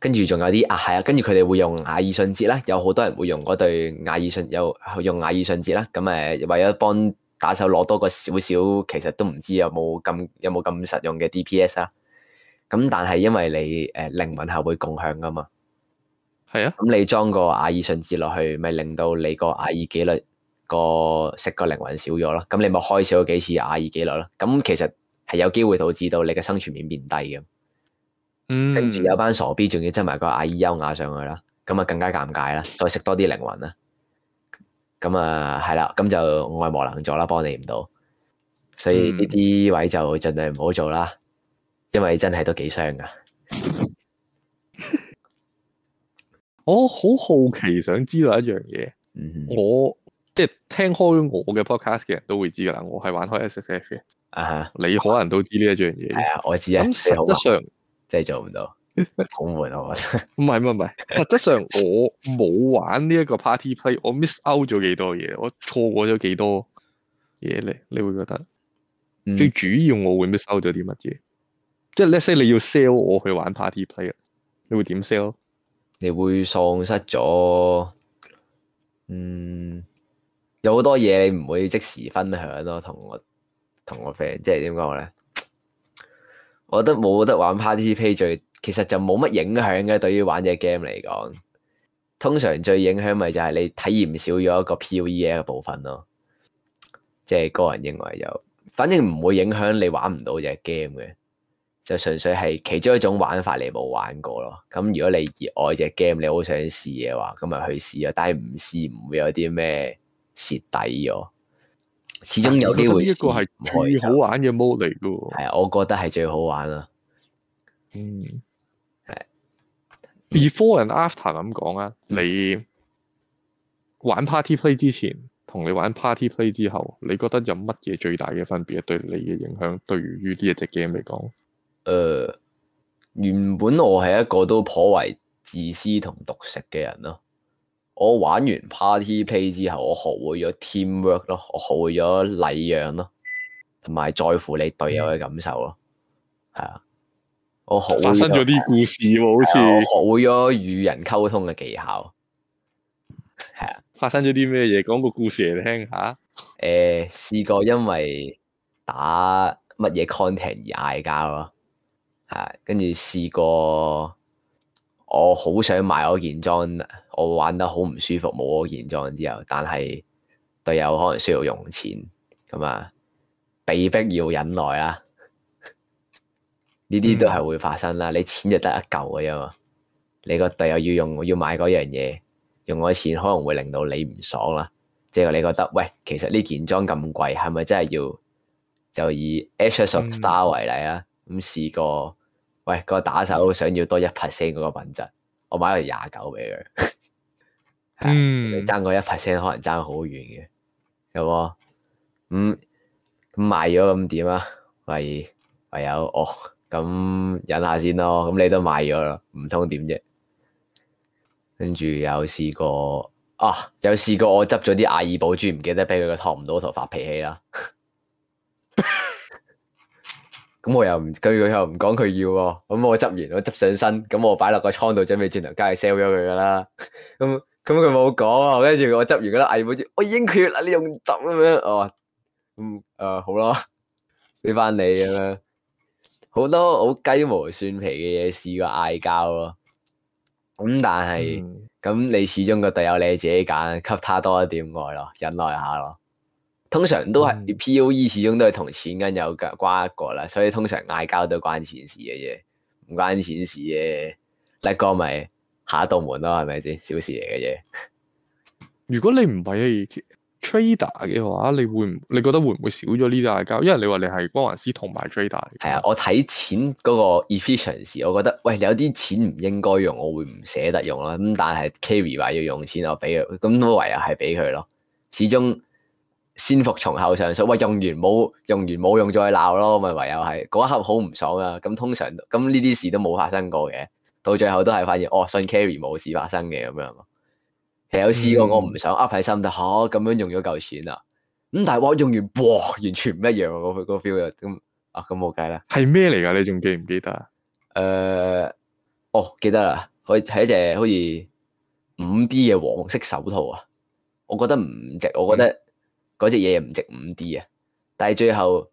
跟住仲有啲啊，係啊，跟住佢哋會用阿爾信節啦，有好多人會用嗰對阿爾信，有用阿爾信節啦。咁、嗯、誒，為咗幫打手攞多個少少，其實都唔知有冇咁有冇咁實用嘅 DPS 啦、嗯。咁但係因為你誒靈、呃、魂係會共享噶嘛，係啊。咁、嗯、你裝個阿爾信節落去，咪令到你個阿爾紀律。個食個靈魂少咗咯，咁你咪開少咗幾次阿二幾率咯？咁其實係有機會導致到你嘅生存面變低嘅。跟住、嗯、有班傻逼仲要執埋個阿二優雅上去啦，咁啊更加尷尬啦，再食多啲靈魂啦，咁啊係啦，咁就愛莫能助啦，幫你唔到，所以呢啲位就盡量唔好做啦，嗯、因為真係都幾傷噶。 [LAUGHS] 我好好奇想知道一樣嘢，嗯、哼我。即係聽開我嘅 podcast 嘅人都會知噶啦，我係玩開 SSF 嘅。啊、uh，huh. 你可能都知呢一樣嘢。Uh、huh, 我知啊。咁實質上真係做唔到，好唔好？唔係唔係唔係，實質上我冇玩呢一個 party play，我 miss out 咗幾多嘢，我錯過咗幾多嘢咧？你會覺得最主要我會 miss out 咗啲乜嘢？即係 let's say 你要 sell 我去玩 party play，你會點 sell？你會喪失咗，嗯。有好多嘢你唔會即時分享咯，同我同我 friend 即係點講咧？我覺得冇得玩 party play 最其實就冇乜影響嘅，對於玩隻 game 嚟講，通常最影響咪就係你體驗少咗一個 POE 嘅部分咯。即係個人認為就反正唔會影響你玩唔到隻 game 嘅，就純粹係其中一種玩法你冇玩過咯。咁如果你熱愛隻 game，你好想試嘅話，咁咪去試咯。但係唔試唔會有啲咩？蝕底咗，始終有機會。呢一個係最好玩嘅 mode 嚟噶喎。係啊，嗯，我覺得係最好玩啦。嗯，Before and after 咁講啊，你玩 Party Play 之前，同你玩 Party Play 之後，你覺得有乜嘢最大嘅分別，對你嘅影響？對於呢一隻 game 嚟講，誒，原本我係一個都頗為自私同獨食嘅人咯。我玩完 Party Play 之後，我學會咗 teamwork 咯，我學會咗禮讓咯，同埋在乎你隊友嘅感受咯，係啊，我學會咗發生咗啲故事喎，好似、啊、我學會咗與人溝通嘅技巧，係啊，發生咗啲咩嘢？講個故事嚟聽下。啊、誒，試過因為打乜嘢 content 而嗌交咯，係、啊，跟住試過。我好想買嗰件裝，我玩得好唔舒服，冇嗰件裝之後，但係隊友可能需要用錢，咁啊，被逼要忍耐啦，呢啲都係會發生啦。你錢就得一嚿嘅啫，你個隊友要用要買嗰樣嘢，用我錢可能會令到你唔爽啦。即係你覺得，喂，其實呢件裝咁貴，係咪真係要，就以《H S of StarAshes of the Stars》為例啊？咁試過。喂，嗰個打手想要多一 percent 嗰個品質，我買咗廿九俾佢。嗯，爭嗰一 percent 可能爭好遠嘅，有冇？咁咁賣咗咁點啊？喂，唯有哦，咁忍下先咯。咁你都賣咗啦，唔通點啫？跟住有試過啊，有試過我執咗啲阿爾寶珠，唔記得俾佢個托唔到頭，發脾氣啦。 [LAUGHS] 咁我又唔，佢佢又唔講佢要喎、啊，咁我執完，我執上身，咁我擺落個倉度準備轉頭梗係 sell 咗佢噶啦，咁咁佢冇講，跟住、啊、我執完覺得嗌佢知，我已經缺啦，你用執咁樣，哦，嗯，誒、呃，好咯，俾翻你咁樣，好多好雞毛蒜皮嘅嘢試過嗌交咯，咁但係，咁、嗯、你始終個隊友你自己揀，給他多一點愛咯，忍耐下咯。通常都係 PoE 始終都係同錢緊有關一個啦，所以通常嗌交都關錢事嘅啫，唔關錢事嘅。叻哥咪下一道門咯，係咪先？小事嚟嘅啫。如果你唔係 trader 嘅話，你會你覺得會唔會少咗呢啲嗌交？因為你話你係光環師同埋 trader。係啊，我睇錢嗰個 efficiency，我覺得喂有啲錢唔應該用，我會唔捨得用啦。咁但係 Carry 話要用錢，我俾佢，咁都唯有係俾佢咯。始終。先服從後上訴，喂，用完冇用完冇用再鬧咯，咪唯有係嗰一刻好唔爽啊！咁通常咁呢啲事都冇發生過嘅，到最後都係發現哦，信 carry 冇事發生嘅咁樣。有試過我唔想 up 喺心，啊，但吓咁樣用咗嚿錢啊，咁但係我用完哇，呃，完全唔一樣我去嗰個 feel 啊！咁，那個、啊，咁冇計啦。係咩嚟噶？你仲記唔記得？誒，呃，哦，記得啦，可以係一隻好似五 D 嘅黃色手套啊！我覺得唔值，我覺得，嗯。嗰隻嘢唔值五 D 啊！但係最後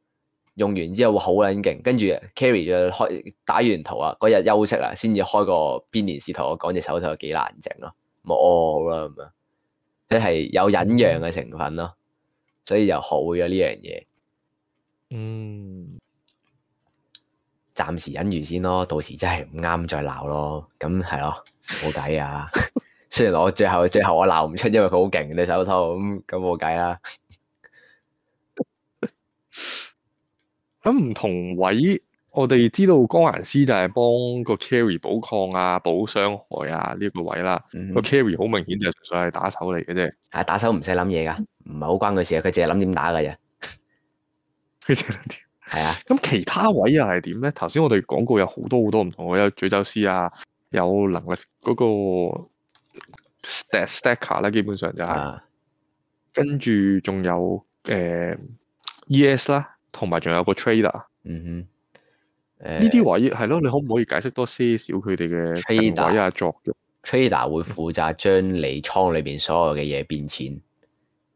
用完之後會好撚勁，跟住 carry 就開打完圖啊，嗰日休息啦，先至開個編年史圖同我講隻手套幾難整咯，冇哦，好啦咁樣，即係、嗯、有忍讓嘅成分咯，所以又好咗呢樣嘢。嗯，暫時忍住先咯，到時真係唔啱再鬧咯。咁係咯，冇計啊！ [LAUGHS] 雖然我最後最後我鬧唔出，因為佢好勁隻手套，咁咁冇計啦。咁唔同位，我哋知道光環師就係幫個 carry 補抗啊、補傷害啊呢個位啦。個、嗯、carry 好明顯就純粹係打手嚟嘅啫。係打手唔使諗嘢噶，唔係好關佢事啊。佢淨係諗點打嘅啫。佢淨係諗點。係啊。咁其他位又係點咧？頭先我哋講過有好多好多唔同，有詛咒師啊，有能力嗰個 stacker 咧、啊，基本上就係、是啊、跟住仲有誒、呃、es 啦。同埋仲有個 trader，嗯哼，誒呢啲位係咯，你可唔可以解釋多些少佢哋嘅位啊，作用？Trader Tr 會負責將你倉裏邊所有嘅嘢變錢，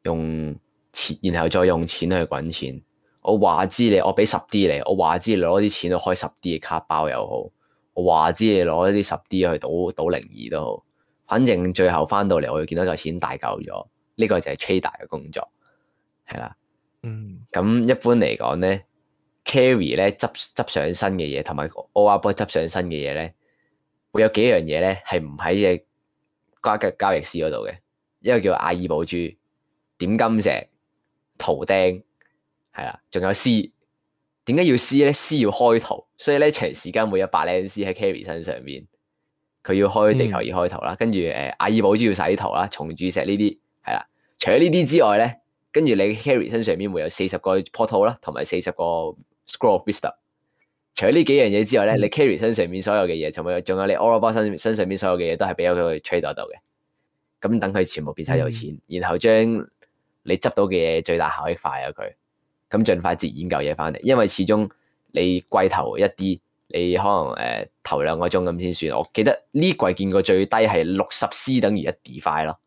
用錢，然後再用錢去滾錢。我話知你，我俾十 D 你，我話知你攞啲錢去開十 D 嘅卡包又好，我話知你攞一啲十 D 去賭賭零二都好，反正最後翻到嚟我會見到個錢大嚿咗，呢個就係 trader 嘅工作，係啦。 [MUSIC] 嗯，咁一、啊、般嚟講咧，carry 咧執執上身嘅嘢，同埋 o 話不過執上身嘅嘢咧，會有幾樣嘢咧係唔喺只瓜格交易師嗰度嘅，一個叫阿爾寶珠、點金石、圖釘，係啦，仲有 C，點解要 C 咧？c 要開圖，所以咧長時間會有白領 C 喺 carry 身上面。佢要開地球儀要開圖啦，嗯、跟住誒、啊、阿爾寶珠要洗圖啦，重鑄石呢啲係啦，除咗呢啲之外咧。跟住你 carry 身上面會有四十個 portal 啦，同埋四十個 scroll of vista。除咗呢幾樣嘢之外咧，你 carry 身上面所有嘅嘢，仲有仲有你 all 包身身上面所有嘅嘢、er，都係俾咗佢去 trade 到嘅。咁等佢全部變晒有錢，嗯、然後將你執到嘅嘢最大效益快咗佢。咁盡快截研究嘢翻嚟，因為始終你季頭一啲，你可能誒、呃、頭兩個鐘咁先算。我記得呢季見過最低係六十 c 等於一 div 咯。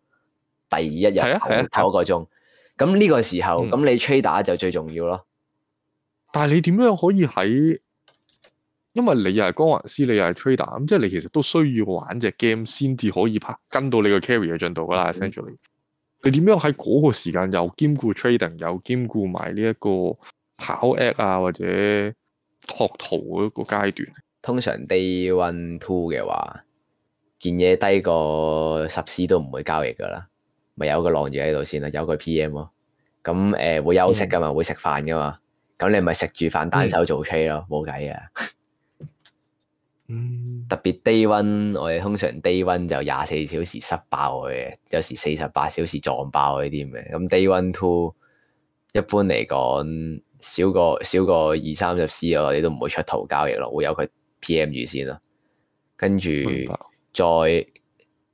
第一日係頭一、啊啊、個鐘。咁呢個時候，咁、嗯、你 trader 就最重要咯。但係你點樣可以喺？因為你又係光環師，你又係 trader，咁即係你其實都需要玩隻 game 先至可以拍跟到你個 carry 嘅進度噶啦。嗯、essentially，你點樣喺嗰個時間又兼顧 trading，又兼顧埋呢一個跑 act 啊或者拓圖嗰個階段？通常 day one two 嘅話，件嘢低過十 C 都唔會交易噶啦。咪有個攔住喺度先啦，有個 PM 咯，咁、呃、誒會休息噶嘛，會食飯噶嘛，咁你咪食住飯單手做車咯，冇計嘅。 [LAUGHS] 嗯，特別低 a 我哋通常低 a 就廿四小時塞爆佢嘅，有時四十八小時撞爆佢啲嘅。咁 d a two 一般嚟講少個少個二三十 c 我哋都唔會出頭交易咯，會有佢 PM 住先啦，跟住再。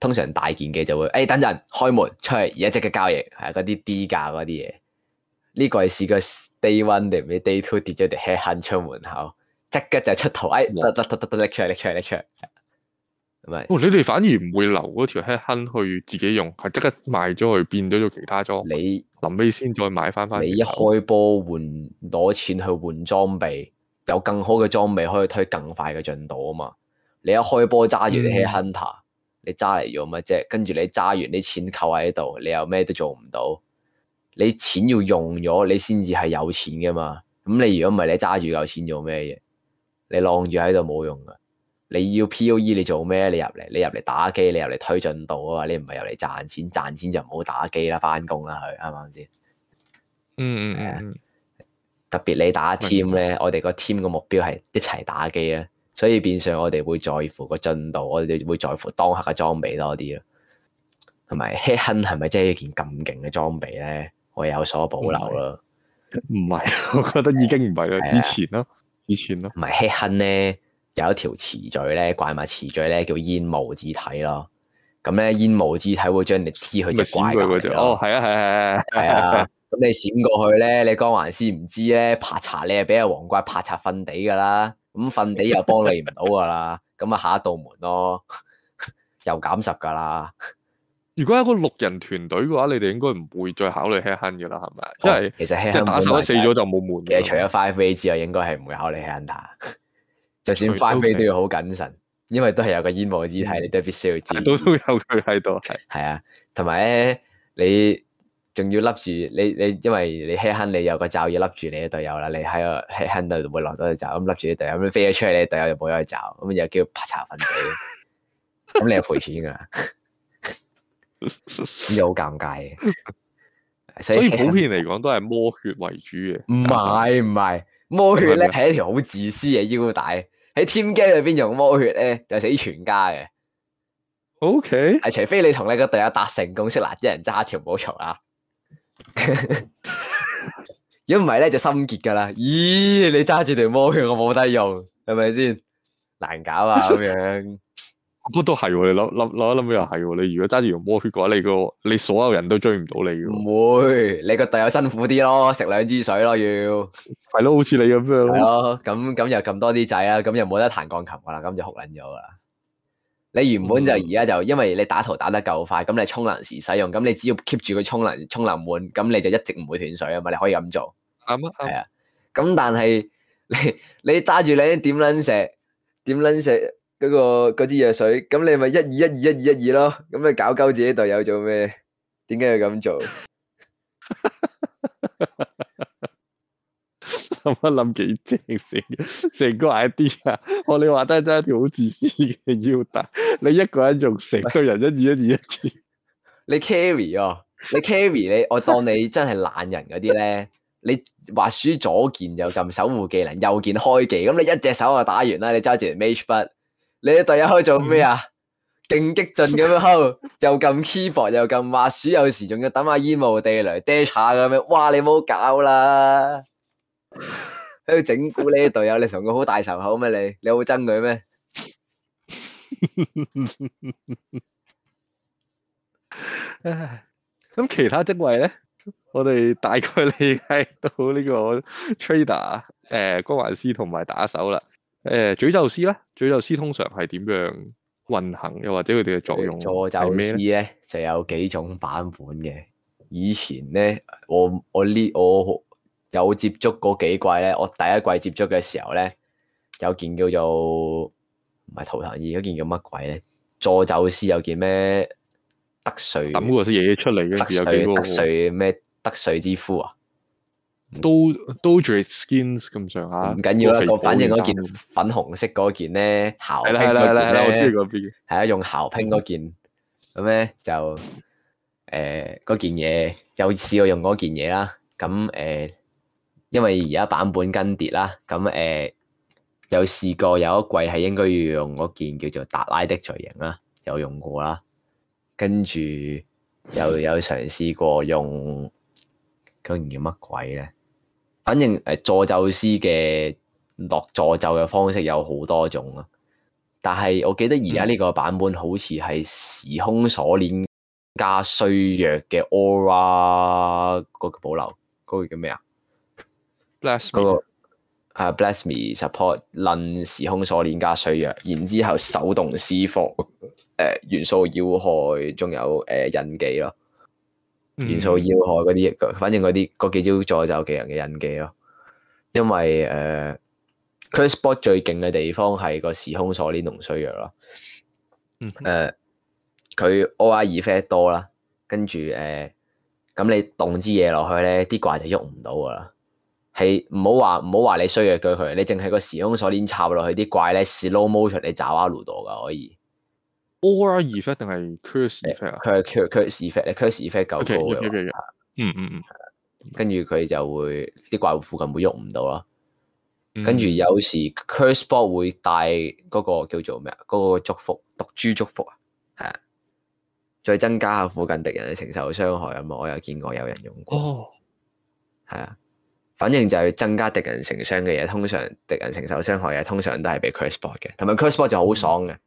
通常大件嘅就會，誒、哎、等陣開門出去，而家即刻交易，係嗰啲低價嗰啲嘢。呢、這個係試過 day one 定唔知 day two 跌咗，跌 Headhunter 出門口，即刻就出頭，哎出嚟，出嚟，出嚟。唔係，你哋反而唔會留嗰條 Headhunter 去自己用，係即刻賣咗去變咗做其他裝。你臨尾先再買翻翻。你一開波換攞錢去換裝備，有更好嘅裝備可以推更快嘅進度啊嘛！你一開波揸住 Headhunter。你揸嚟用乜啫？跟住你揸完啲錢扣喺度，你又咩都做唔到。你錢要用咗，你先至係有錢噶嘛。咁你如果唔係，你揸住有錢做咩嘢？你晾住喺度冇用噶。你要 PoE 你做咩？你入嚟，你入嚟打機，你入嚟推進度啊嘛。你唔係入嚟賺錢，賺錢就唔好打機啦，翻工啦佢，啱唔啱先？嗯嗯，特別你打 team 咧，嗯嗯、我哋個 team 個目標係一齊打機咧。所以變相我哋會在乎個進度，我哋會在乎當下嘅裝備多啲咯，同埋 Headhunter 係咪真係一件咁勁嘅裝備咧？我有所保留咯。唔係，我覺得已經唔係啦，以前咯，以前咯。唔係 Headhunter 咧，有一條詞序，咧，怪物詞序呢，咧叫煙霧之體咯。咁、嗯、咧煙霧之體會將你 T 去隻怪度。哦，係啊，係係係，係啊。咁你閃過去咧，你光環師唔知咧，拍查你係俾阿黃怪拍擦瞓地噶啦。咁瞓、嗯、地又幫你唔到㗎啦，咁、嗯、啊下一道門咯， [LAUGHS] 又減十㗎啦。如果一個六人團隊嘅話，你哋應該唔會再考慮 heaven 嘅啦，係咪？因為、哦、其實 heaven 就打十死咗就冇門嘅。除咗 five a 之外，應該係唔會考慮 heaven 塔。 [LAUGHS] 就算 five a Okay. 都要好謹慎，因為都係有個煙霧嘅姿態，你都必須要知道、嗯。都都有佢喺度。係啊， [LAUGHS] 同埋咧，你。仲要笠住你你，因為你 Headhunter 你有個罩要笠住你嘅隊友啦，你喺個 Headhunter 度會落咗個罩，咁笠住你隊友咁、嗯、飛咗出去，你隊友就冇咗個罩，咁又叫拍茶瞓仔，咁、嗯、你又賠錢噶，咁又好尷尬嘅。所以，所以普遍嚟講都係魔血為主嘅。唔係唔係魔血咧係一條好自私嘅腰帶，喺 Team Game 入邊用魔血咧就死全家嘅。O K，係除非你同你個隊友達成共識啦，一人揸一條寶藏啊！如果唔係咧，就心結噶啦。咦，你揸住條魔血我冇得用，係咪先？難搞啊咁樣。不過 [LAUGHS] 都係、啊，你諗諗諗諗咗又係、啊。你如果揸住條魔血嘅話，你個你所有人都追唔到你。唔會，你個隊友辛苦啲咯，食兩支水咯要。係咯， [LAUGHS] 好似你咁樣。係咯 [LAUGHS] 咁咁又咁多啲仔啊，咁又冇得彈鋼琴噶啦，咁就學捻咗噶啦。你原本就而家就，因為你打圖打得夠快，咁你充能時使用，咁你只要 keep 住佢充能充能滿，咁你就一直唔會斷水啊嘛，你可以咁做。係啊，咁但係你你揸住你點撚食點撚食嗰個嗰支藥水，咁你咪一二一二一二一二咯，咁咪搞鳩自己隊友做咩？點解要咁做？諗一諗，幾正成成個矮啲啊！我你話得真係條好自私嘅腰帶，你一個人用成對人不是 一住一住一住。你 carry 哦， [LAUGHS] 你 carry 你我當你真係懶人嗰啲咧，你滑鼠左鍵就撳守護技能，右鍵開技，咁你一隻手就打完啦。你揸住 mage 筆，你一隊友開做咩啊？勁激進咁樣，又撳 keyboard，又撳滑鼠，有時仲要等下煙霧地雷 dash 下咁樣，哇！你冇搞啦～喺度整蠱你隊友，你同佢好大仇口咩？你你有冇憎佢咩？咁其他職位咧，我哋大概理解到呢個 trader，誒、呃，光環師同埋打手啦，誒、呃，詛咒師咧，詛咒師通常係點樣運行，又或者佢哋嘅作用係咩咧？就有幾種版本嘅。以前咧，我我呢我。有接觸嗰幾季咧，我第一季接觸嘅時候咧，有件叫做唔係《逃學二》，嗰件叫乜鬼咧？助走師有件咩得瑞抌嗰個嘢出嚟，有件得瑞咩得瑞之夫啊？都都著 skins 咁上下，唔緊要啦。我反正嗰件粉紅色嗰件咧，校拼嗰件咧，係啊，用校拼嗰件咁咧就誒嗰件嘢，有次我用嗰件嘢啦。咁誒。因為而家版本更迭啦，咁誒、呃、有試過有一季係應該要用嗰件叫做達拉的錘型啦，有用過啦。跟住又有嘗試過用究竟叫乜鬼咧？反正誒、呃、詛咒師嘅落詛咒嘅方式有好多種啊。但係我記得而家呢個版本好似係時空鎖鏈加衰弱嘅 Aura 嗰個保留嗰、嗰個叫咩啊？Bless me. 那個啊、uh,，Bless me，support，楞時空鎖鏈加衰弱，然之後手動施放誒元素要害，仲有誒印記咯，元素要害嗰啲，反正嗰啲嗰幾招再就技能嘅印記咯。因為誒 c、呃、a r i s p o r t 最勁嘅地方係個時空鎖鏈同衰弱咯。誒、 [LAUGHS] 呃，佢奧爾爾費多啦，跟住誒，咁、呃、你動支嘢落去咧，啲怪就喐唔到噶啦。係唔好話唔好話你衰弱佢，你淨係個時空鎖鏈插落去啲怪咧，slow motion 你炸花爐度噶可以。Aura effect 定係 curse effect？佢係 cur curse effect，curse effect 夠高嘅。嗯嗯嗯，跟住佢就會啲怪物附近會喐唔到啦。嗯、跟住有時 curse buff 會帶嗰個叫做咩啊？嗰、嗰個祝福毒豬祝福啊，係啊，再增加下附近敵人嘅承受傷害啊嘛、嗯。我有見過有人用過，係啊、哦。反正就係增加敵人承傷嘅嘢，通常敵人承受傷害嘅通常都係俾 curse bot 嘅，同埋 curse bot 就好爽嘅。嗯、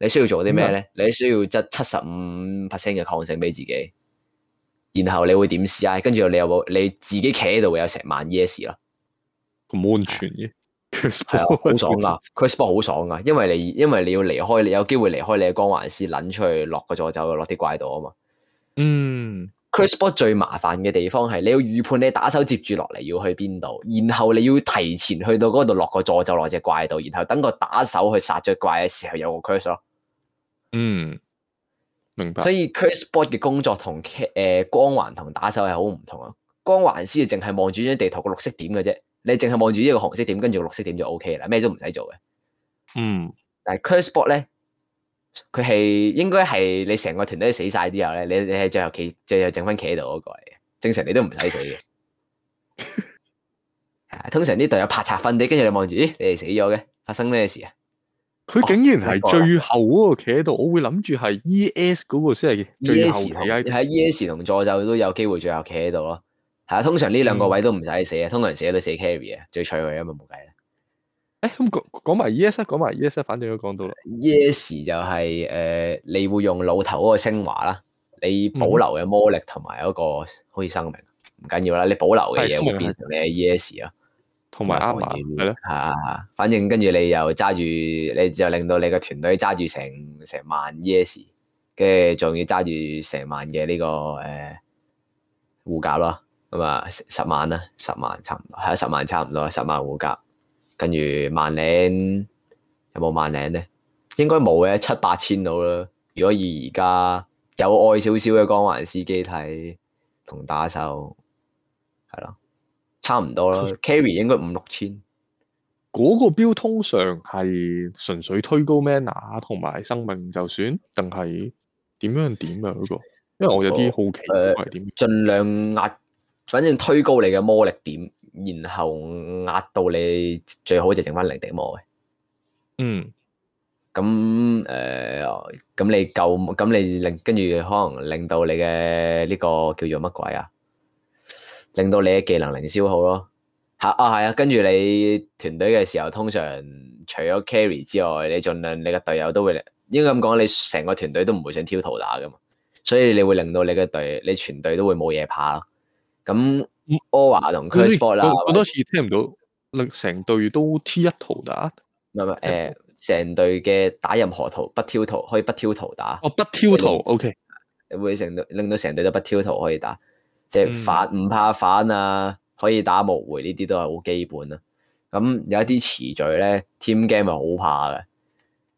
你需要做啲咩咧？嗯、你需要質七十五 percent 嘅抗性俾自己，然後你會點試啊？跟住你有冇你自己企喺度會有成萬 ES 咯、嗯，咁安全嘅，好 [LAUGHS] 爽噶 curse bot 好爽噶，因為你因為你要離開，你有機會離開你嘅光環師，撚出去落個助走，落啲怪度啊嘛，嗯。Cursebot 最麻煩嘅地方係你要預判你打手接住落嚟，要去邊度，然後你要提前去到嗰度落個詛咒，落隻怪度，然後等個打手去殺隻怪嘅時候有個 curse 咯。嗯，明白。所以 Cursebot 嘅工作同誒、呃、光環同打手係好唔同啊。光環師就淨係望住張地圖個綠色點嘅啫，你淨係望住呢個紅色點，跟住個綠色點就 O K 啦，咩都唔使做嘅。嗯，但 Cursebot 咧？佢係應該係你成個團隊死晒之後咧，你你係最後企最後整翻企喺度嗰個嚟嘅。正常你都唔使死嘅， [LAUGHS] 通常呢度有拍拆瞓地，跟住你望住，咦，你哋死咗嘅，發生咩事啊？佢竟然係最後嗰個企喺度。哦那個，我會諗住係 E.S. 嗰個先係最後。係 E.S. 同和詛咒，都有機會最後企喺度咯。係啊，通常呢兩個位都唔使死啊，嗯、通常死都死 carry 啊，最脆嘅，因為冇計啦。咁講埋 yes，講埋 yes，反正都講到啦。Yes 就係、是、誒、呃，你會用老頭嗰、那個升華、嗯、啦，你保留嘅魔力同埋嗰個好似生命，唔緊要啦。你保留嘅嘢會變成你嘅 yes 咯、嗯。同埋啱啱係咯，嗯、啊，反正跟住你又揸住，你就令到你個團隊揸住成成萬 yes，跟住仲要揸住成萬嘅呢個誒護甲咯。咁啊，十萬啦、啊，十萬差唔多，係十萬差唔多，十萬護甲。跟住萬零，有冇萬零咧？應該冇嘅，七八千到啦。如果以而家有愛少少嘅光環司機睇同打手，係咯，差唔多啦。以 Carry 應該五六千。嗰個標通常係純粹推高 mana 同埋生命，就算定係點樣點啊嗰、嗰個？因為我有啲好奇樣，係點、嗰個呃？盡量壓，反正推高你嘅魔力點。然後壓到你最好就剩翻零點魔嘅。嗯。咁、呃、誒，咁你夠，咁你令跟住可能令到你嘅呢、這個叫做乜鬼啊？令到你嘅技能零消耗咯。嚇啊，係、哦、啊。跟住你團隊嘅時候，通常除咗 carry 之外，你儘量你嘅隊友都會應該咁講，你成個團隊都唔會想挑圖打嘅嘛。所以你會令到你嘅隊，你全隊都會冇嘢怕咯。咁、嗯。o 我 a 同 Curseball，好多次聽唔到令成隊都 T1 圖打，唔係唔係，誒，成隊嘅打任何圖不挑圖可以不挑圖打。哦，不挑圖、就是，OK，會令到成隊都不挑圖可以打，即係反唔怕反啊，嗯、可以打冇回呢啲都係好基本啦。咁有一啲詞綴咧，team game 係好怕嘅。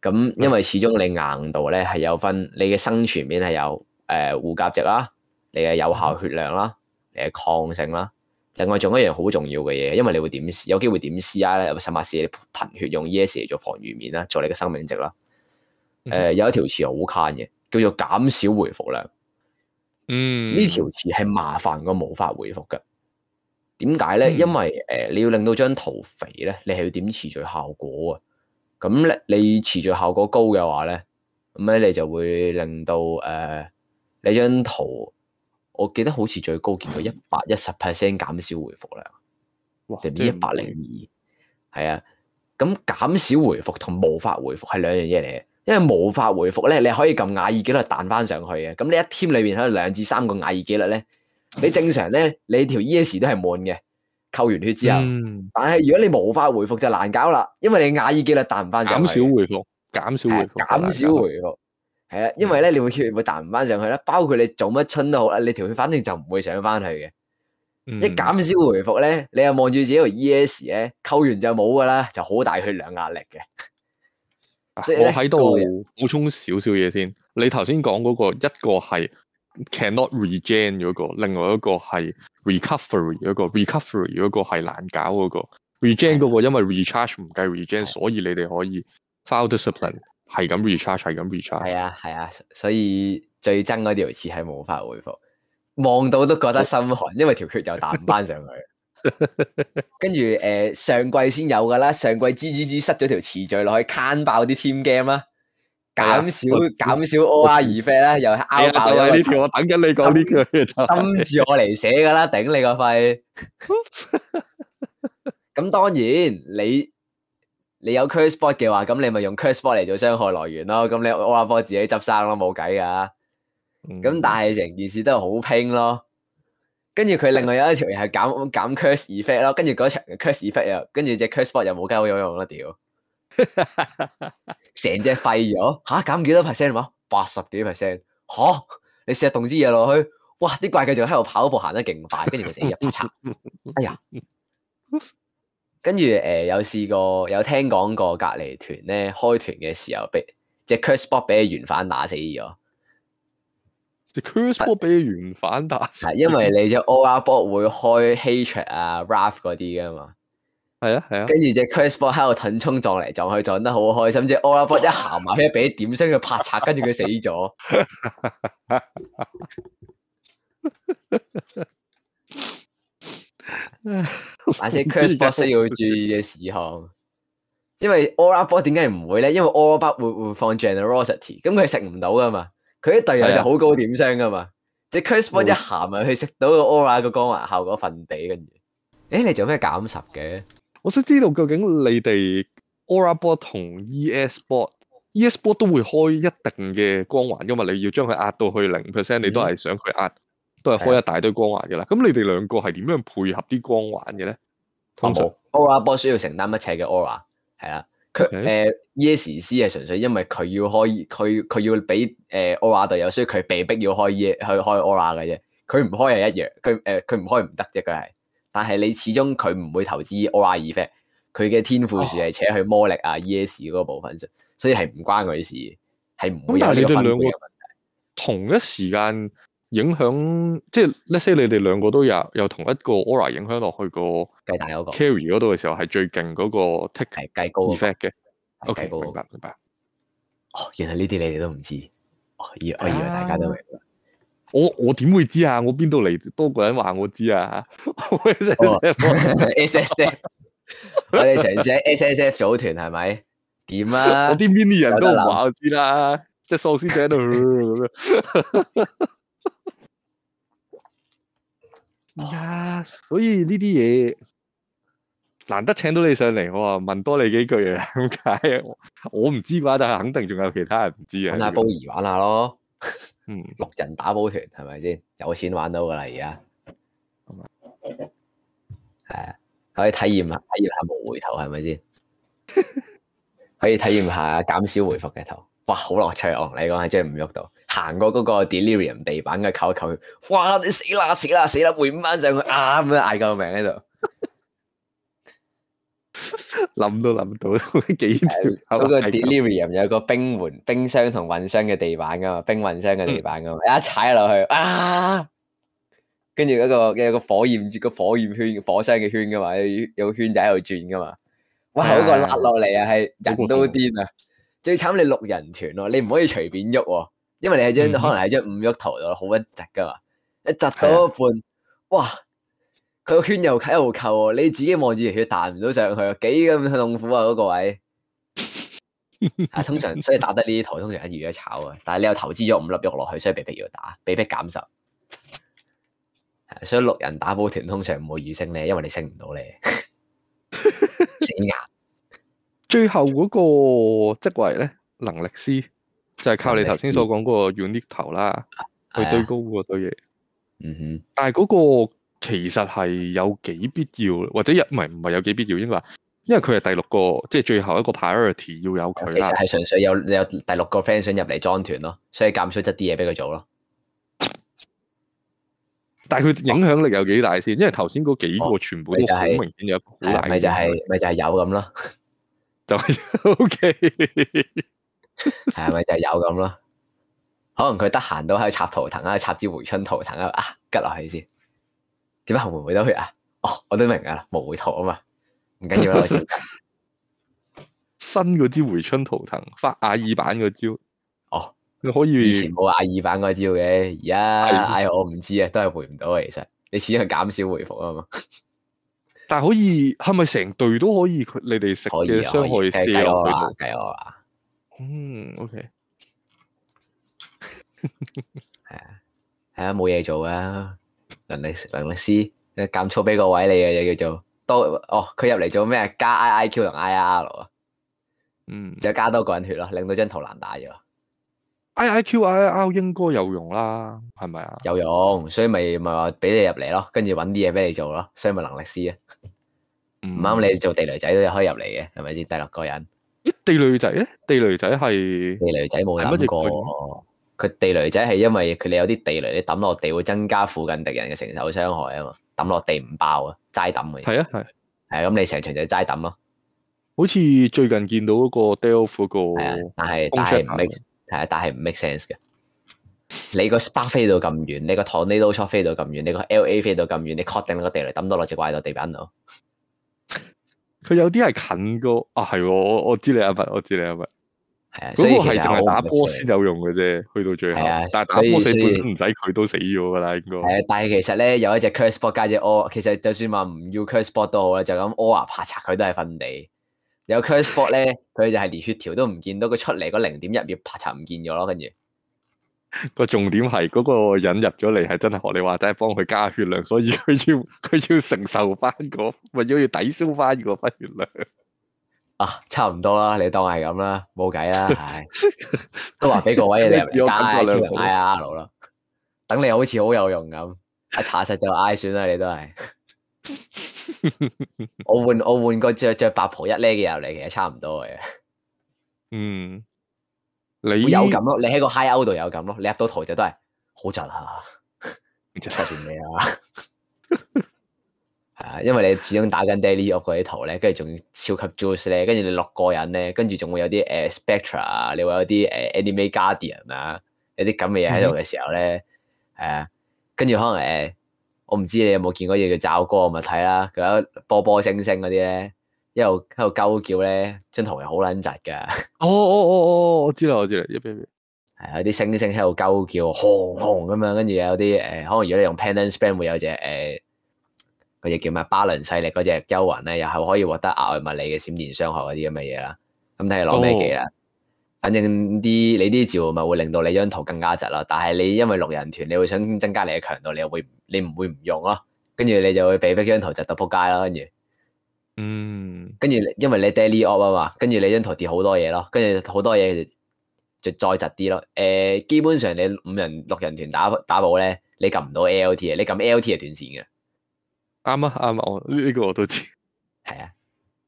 咁因為始終你硬度咧係有分，你嘅生存面係有誒護、呃、甲值啦，你嘅有效血量啦。誒、呃，抗性啦，另外仲有一樣好重要嘅嘢，因為你會點有機會點 C.I 咧，有冇試下你貧血用、y、E.S 嚟做防禦面啦，做你嘅生命值啦。誒、呃，mm hmm. 有一條詞好慳嘅，叫做減少回復量。嗯、mm，呢條詞係麻煩過冇法回復嘅。點解咧？Mm hmm. 因為誒、呃，你要令到張圖肥咧，你係要點持續效果啊。咁咧，你持續效果高嘅話咧，咁咧你就會令到誒、呃，你張圖。我記得好似最高見過一百一十 percent 減少回復量，定唔嘩知一百零二，係啊。咁減少回復同無法回復係兩樣嘢嚟嘅，因為無法回復咧，你可以撳瓦爾機率彈翻上去嘅。咁你一 team 裏面可以，喺度兩至三個瓦爾機率咧，你正常咧你條 E.S 都係滿嘅，扣完血之後。嗯、但係如果你無法回復就難搞啦，因為你瓦爾機率彈唔翻上去，減少回復，減少回復，減少回復。係啊，因為咧，你會血會彈唔翻上去啦。包括你做乜春都好啦，你條血反正就唔會上翻去嘅。嗯、一減少回復咧，你又望住自己個 E.S. 咧，扣完就冇噶啦，就好大佢兩壓力嘅。 [LAUGHS] 呢我喺度補充少少嘢先。你頭先講嗰個一個係 cannot regain 嗰、那個，另外一個係 re、那個、recovery 嗰個，recovery 嗰個係難搞嗰、那個。regen 嗰個因為 recharge 唔計 regen，的所以你哋可以 file discipline。係咁 recharge 係咁 recharge 係啊，係啊， [NOISE] 所以最憎嗰條詞係冇法回復，望到都覺得心寒，因為條血又打唔翻上去。 [LAUGHS] 跟住誒、呃，上季先有噶啦，上季 GGG 塞咗條詞綴落去，坑爆啲 team game 啦，減少減 [LAUGHS] 少 aura effect 啦，o e、ffect, 又 out 爆啦。呢條 [LAUGHS] 我等緊你講呢句、就是，跟住我嚟寫噶啦，頂你個肺。咁 [LAUGHS] [LAUGHS] 當然你。你有 curse bot 嘅話，咁你咪用 curse bot 嚟做傷害來源咯。咁你阿波自己執生咯，冇計噶。咁但係成件事都係好拼咯。跟住佢另外有一條係減減 curse effect 咯。跟住嗰場 curse effect 又，跟住隻 curse bot 又冇鳩有用啦。屌， [LAUGHS] 成隻廢咗吓，減幾多 percent 啊？八十幾 percent 吓？你射凍支嘢落去，哇！啲怪繼續喺度跑步行得勁快，跟住佢自己一劈哎呀！跟住誒、呃、有試過有聽講過隔離團呢，開團嘅時候，俾隻 Curse Bot 俾個原反打死咗。隻 Curse Bot 俾個原反打死。因為你隻 Aura Bot 會開 Hatred 啊 Wrath 嗰啲噶嘛。係啊係啊。啊跟住隻 Curse Bot 喺度騰衝撞嚟撞去，撞，去撞得好開心。隻 Aura Bot 一行埋，一俾點聲佢拍拆，跟住佢死咗。啱先 [LAUGHS] Curse 波需要注意嘅事項， [LAUGHS] 因為 Aura b 波點解唔會咧？因為 Aura b 波會會放 Generosity，咁佢食唔到噶嘛？佢啲隊友就好高點聲噶嘛？只 [LAUGHS] Curse 波一行啊，佢食到個 Aura 個光環效果粉地跟住。誒，你做咩減十嘅？我想知道究竟你哋 Aura b 波同 E S b 波，E S b 波都會開一定嘅光環噶嘛？你要將佢壓到去零 percent，你都係想佢壓？ [LAUGHS] 都開一大堆光環嘅啦，咁你哋兩個係點樣配合啲光環嘅咧？通常 Aura、啊、Boss 需要承擔一切嘅 Aura 係啊，佢誒 Okay.、呃、Yes s 係純粹因為佢要開，佢佢要俾誒 Aura 隊友，所以佢被逼要開 Ye 去開 Aura 嘅啫。佢唔開係一樣，佢誒佢唔開唔得啫。佢係，但係你始終佢唔會投資 Aura Effect，佢嘅天賦樹係扯去魔力啊，啊 Yes 嗰部分所以係唔關佢啲事嘅，係唔。咁但係你哋兩個同一時間。影響即係，let’s say 你哋兩個都有又同一個 Aura 影響落去個計大嗰個 Carry 嗰度嘅時候近、那個，係最勁嗰個 Tick 計高 Effect 嘅。O K，明白明白。那個、哦，原來呢啲你哋都唔知，我、哦、我以為大家都明。我我點會知啊？我邊度嚟多個人話我知啊？S [LAUGHS] S F，我哋成隻 S S F 組團係咪？點啊？我啲 mini 人都唔話我知啦，即係喪屍仔都咁樣。係、yes, 所以呢啲嘢，難得請到你上嚟，我啊問多你幾句啊，點解啊？我唔知嘅話，就肯定仲有其他人唔知啊。玩煲波兒玩下咯，嗯，六人打寶團係咪先？有錢玩到噶啦，而家係可以體驗下，體驗下冇回頭係咪先？可以體驗下減 [LAUGHS] 少回復嘅頭，哇，好樂趣哦！你講係即係唔喐到。行過嗰個 Delirium 地板嘅球球，哇！你死啦死啦死啦，回唔翻上去，啱啦嗌救命喺度，諗 [LAUGHS] 都諗唔到，幾嗰 [LAUGHS] 個 Delirium 有個冰門、冰箱同運箱嘅地板噶嘛，冰運箱嘅地板噶嘛， [LAUGHS] 一踩落去啊！跟住一個有一個火焰個火焰圈、火箱嘅圈噶嘛，有有圈仔喺度轉噶嘛，哇！嗰、那個甩落嚟啊，係人都癲啊！ [LAUGHS] 最慘你六人團咯，你唔可以隨便喐、啊。因為你係張、嗯、哼可能係張五玉圖咯，好一窒噶嘛，一窒到一半，的哇，佢個圈又啟又扣喎，你自己望住條血，佢彈唔到上去，幾咁痛苦啊嗰、那個位。係 [LAUGHS] 通常所以打得呢啲圖，通常一月一炒啊，但係你又投資咗五粒玉落去，所以被迫要打，被迫減十。所以六人打寶團通常唔會預升咧，因為你升唔到你。升牙。最後嗰個職位咧，能力師。就係靠你頭先所講嗰個 unique 頭啦，哎、呀去堆高個堆嘢。嗯哼，但係嗰個其實係有幾必要，或者一唔係唔係有幾必要應該話，因為佢係第六個，即、就、係、是、最後一個 priority 要有佢啦。其實係純粹有有第六個 friend 想入嚟裝團咯，所以揀出質啲嘢俾佢做咯。但係佢影響力有幾大先？因為頭先嗰幾個全部都好明顯有一個大，咪、哦、就係咪就係有咁咯，就係 OK。係咪就係有咁咯？可能佢得閒都喺度插圖騰，啊，插支回春圖騰，喺啊，吉落去先。點解回唔回得血啊？哦，我都明啊，冇回頭啊嘛，唔緊要啦。我知新嗰支回春圖騰，發阿爾版個招。哦，你可以以前冇阿爾版個招嘅，而家唉，我唔知啊，都係回唔到啊。其實你始終係減少回復啊嘛。但可以係咪成隊都可以？你哋食啲傷害消啊？計我啊！嗯，OK，係 [LAUGHS] 啊，係啊，冇嘢做啊，能力能力師，你減粗俾個位你嘅嘢叫做多哦，佢入嚟做咩？加 I I Q 同 I I R 啊，嗯，再加多個人血咯，令到張圖難打咗。I I Q I I R 應該有用啦，係咪啊？有用，所以咪咪話俾你入嚟咯，跟住搵啲嘢俾你做咯，所以咪能力師啊。唔啱，嗯、 [LAUGHS] 你做地雷仔都可以入嚟嘅，係咪先？第六個人。地雷仔咧，地雷仔係地雷仔冇諗過，佢 [NOISE] 地雷仔係因為佢哋有啲地雷，你抌落地會增加附近敵人嘅承受傷害啊嘛，抌落地唔爆啊，齋抌嘅。係啊係，係咁你成場就齋抌咯。好似最近見到嗰個 Del 嗰個，係啊，但係但係唔 make，係 [NOISE] 啊，但係唔 make sense 嘅。你個 Spark 飛到咁遠，你個 Tornado Shot 飛到咁遠，你個 LA 飛到咁遠，你確定個地雷抌到落隻怪到地板度？佢有啲係近嘅，啊係我我知你阿伯，我知你阿伯，係啊，嗰、啊、的個係就係打波先有用嘅啫，的去到最後，的但係打波死本身唔使佢都死咗噶啦，應該。誒，但係其實咧有一隻 Curse Bot 加隻 O，其實就算話唔要 Curse Bot 都好啦，就咁 O 啊拍擦佢都係瞓地，有 Curse Bot 咧，佢就係連血條都唔見到，佢 [LAUGHS] 出嚟個零點一秒拍擦唔見咗咯，跟住。個重點係嗰、嗰個引入咗嚟係真係學你話齋幫佢加血量，所以佢要佢要承受翻、嗰個，或者要抵消翻個血量。啊，差唔多啦，你當係咁啦，冇計啦，唉 [LAUGHS] 都話俾各位你加 IQR [LAUGHS] 啦，等你好似好有用咁，一查實就唉算啦，你都係。 [LAUGHS] [LAUGHS] 我換我換個着着八婆一 l 嘅入嚟，其實差唔多嘅。嗯。你會有咁咯，你喺個 Hideout 度有咁咯，你入到圖就都係好窒啊，你着窒住未啊？係啊，因為你始終打緊 Daily Up 嗰啲圖咧，跟住仲要超級 Juice 咧，跟住你六個人咧，跟住仲會有啲誒 Spectra 啊，你、呃、話有啲誒、呃、Animate Guardian 啊，有啲咁嘅嘢喺度嘅時候咧，係跟住可能誒、呃，我唔知你有冇見過嘢叫罩哥咪睇啦，佢有波波星星嗰啲咧。一路喺度鳩叫咧，張圖係好撚窒噶。哦哦哦哦，我知啦知啦，一邊一邊。係啊，啲星星喺度鳩叫，紅紅咁樣，跟住有啲誒，eh, 可能如果你用 p a n t span，會有隻誒嗰隻叫咩巴倫勢力嗰隻幽魂咧，又係可以獲得額外物理嘅閃電傷害嗰啲咁嘅嘢啦。咁睇下攞咩技啦。Oh、反正啲你啲招咪會令到你張圖更加窒咯。但係你因為六人團，你會想增加你嘅強度，你又會你唔會唔用咯、啊？跟住你就會俾嗰張圖窒到仆街啦，跟住。嗯，跟住，因為你 daily up 啊嘛，跟住你張圖跌好多嘢咯，跟住好多嘢就再窒啲咯。誒、呃，基本上你五人六人團打打寶咧，你撳唔到 L T 嘅，你撳 L T 係斷線嘅。啱啊，啱啊，呢、啊、呢、啊啊，這個我都知係啊。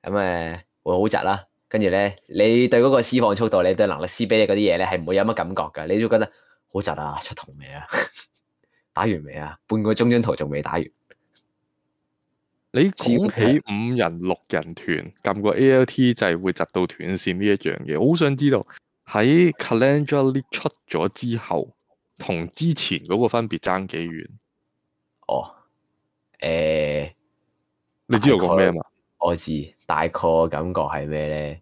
咁、嗯、誒，會好窒啦。跟住咧，你對嗰個施放速度，你對能力撕逼嗰啲嘢咧，係唔會有乜感覺噶？你都覺得好窒啊？出圖未啊？ [LAUGHS] 打完未啊？半個鐘張圖仲未打完。你講起五人六人團撳個 ALT 就係會窒到斷線呢一樣嘢，我好想知道喺 Kalandra League 出咗之後，同之前嗰個分別爭幾遠？哦，誒、呃，你知道講咩啊？我知，大概感覺係咩咧？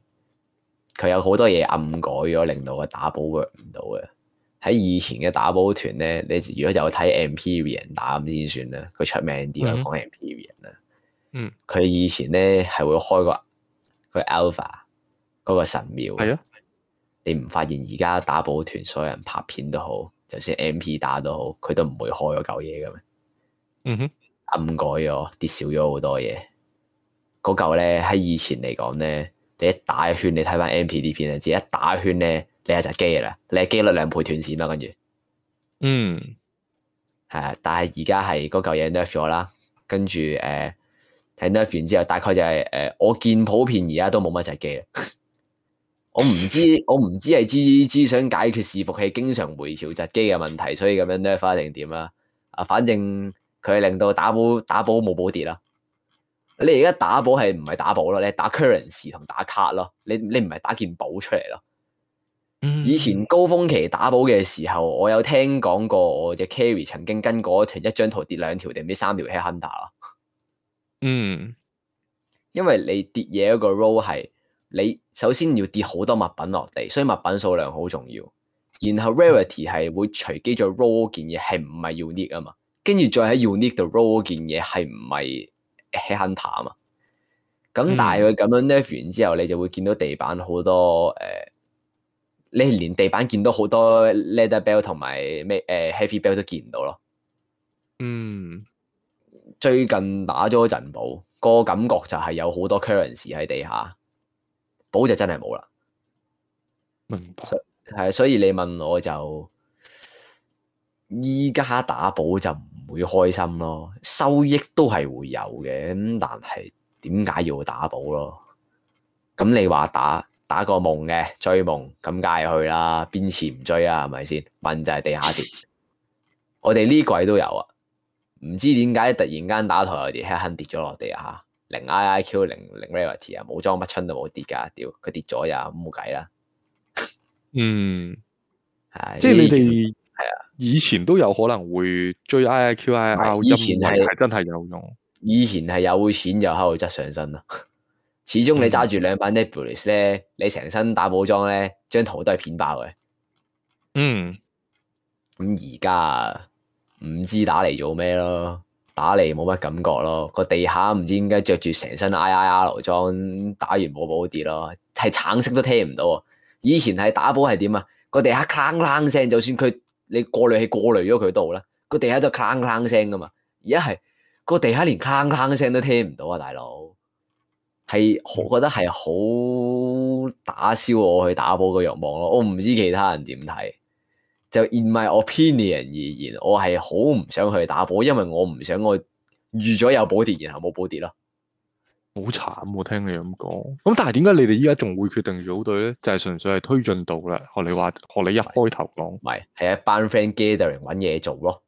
佢有好多嘢暗改咗，令到我打補 work 唔到嘅。喺以前嘅打補團咧，你如果就睇 Empyrian 人打咁先算啦，佢出名啲，講 Empyrian 人啦。嗯，佢以前咧係會開個、嗰個 Alpha 嗰個神廟，係咯的。你唔發現而家打寶團所有人拍片都好，就算 MP 打都好，佢都唔會開嗰舊嘢嘅咩？嗯哼，暗改咗，跌少咗好多嘢。嗰舊咧喺以前嚟講咧，你一打一圈，你睇翻 MP 啲片咧，自己一打一圈咧，你係就機嘅啦，你係機率兩倍斷線啦，跟住，嗯，係啊。但係而家係嗰舊嘢 nerf 咗啦，跟住誒。啊睇 nerf 完之後，大概就係、是、誒、呃，我見普遍而家都冇乜窒機啦。 [LAUGHS] 我唔知，我唔知係 GGG 想解決伺服器經常回潮窒機嘅問題，所以咁樣 nerf 定點啦？啊，反正佢令到打寶打寶冇寶跌啦。你而家打寶係唔係打寶咯？你打 currency 同打卡咯？你你唔係打件寶出嚟咯？Mm. 以前高峰期打寶嘅時候，我有聽講過，我隻 Carry 曾經跟過一團，一張圖跌兩條定唔知三條 Headhunter 咯。嗯，因為你跌嘢嗰個 roll 係你首先要跌好多物品落地，所以物品數量好重要。然後 rarity 係會隨機再 roll 件嘢係唔係 unique 啊嘛，跟住再喺 unique 度 roll 件嘢係唔係 headhunter 啊嘛。咁但係佢咁樣 nerf 完之後，你就會見到地板好多、誒、呃，你連地板見到好多 leather belt 同埋咩誒 heavy belt 都見唔到咯。嗯。最近打咗陣寶，個感覺就係有好多 currency 喺地下，寶就真係冇啦。明白，係，所以你問我就依家打寶就唔會開心咯，收益都係會有嘅，咁但係點解要打寶咯？咁你話打打個夢嘅追夢，咁梗係去啦，邊次唔追啊？係咪先？問就係地下跌，我哋呢季都有啊。唔知點解突然間打台我哋，狠狠跌咗落地啊！吓零 I I Q 零零 Rarity 啊，武裝乜春都冇跌噶屌佢跌咗呀，冇計啦。嗯，係 [LAUGHS] 些、嗯、即係你哋係啊，以前都有可能會追 I I Q I I R，以前係真係有用，以前係有錢就喺度執上身啦。 [LAUGHS] 始終你揸住兩把 Nebulous 咧，嗯、你成身打武裝咧，張圖都係片爆嘅。嗯，咁而家。唔知打嚟做咩咯打嚟冇乜感覺咯。個地下唔知點解着住成身 IIR 裝，打完冇寶跌咯，係橙色都聽唔到啊。以前係打寶係點啊？個地下鏗鏗聲，就算佢你過濾器過濾咗佢度啦，個地下都鏗鏗聲噶嘛。而家係個地下連鏗鏗聲都聽唔到啊，大佬係我覺得係好打消我去打寶嘅欲望咯。我唔知其他人點睇。就 in my opinion 而言，我係好唔想去打寶，因為我唔想我預咗有寶跌，然後冇寶跌咯。好慘喎！我聽你咁講，咁但係點解你哋依家仲會決定組隊咧？就係、是、純粹係推進度啦。學你話，學你一開頭講，係一班 friend gathering 揾嘢做咯，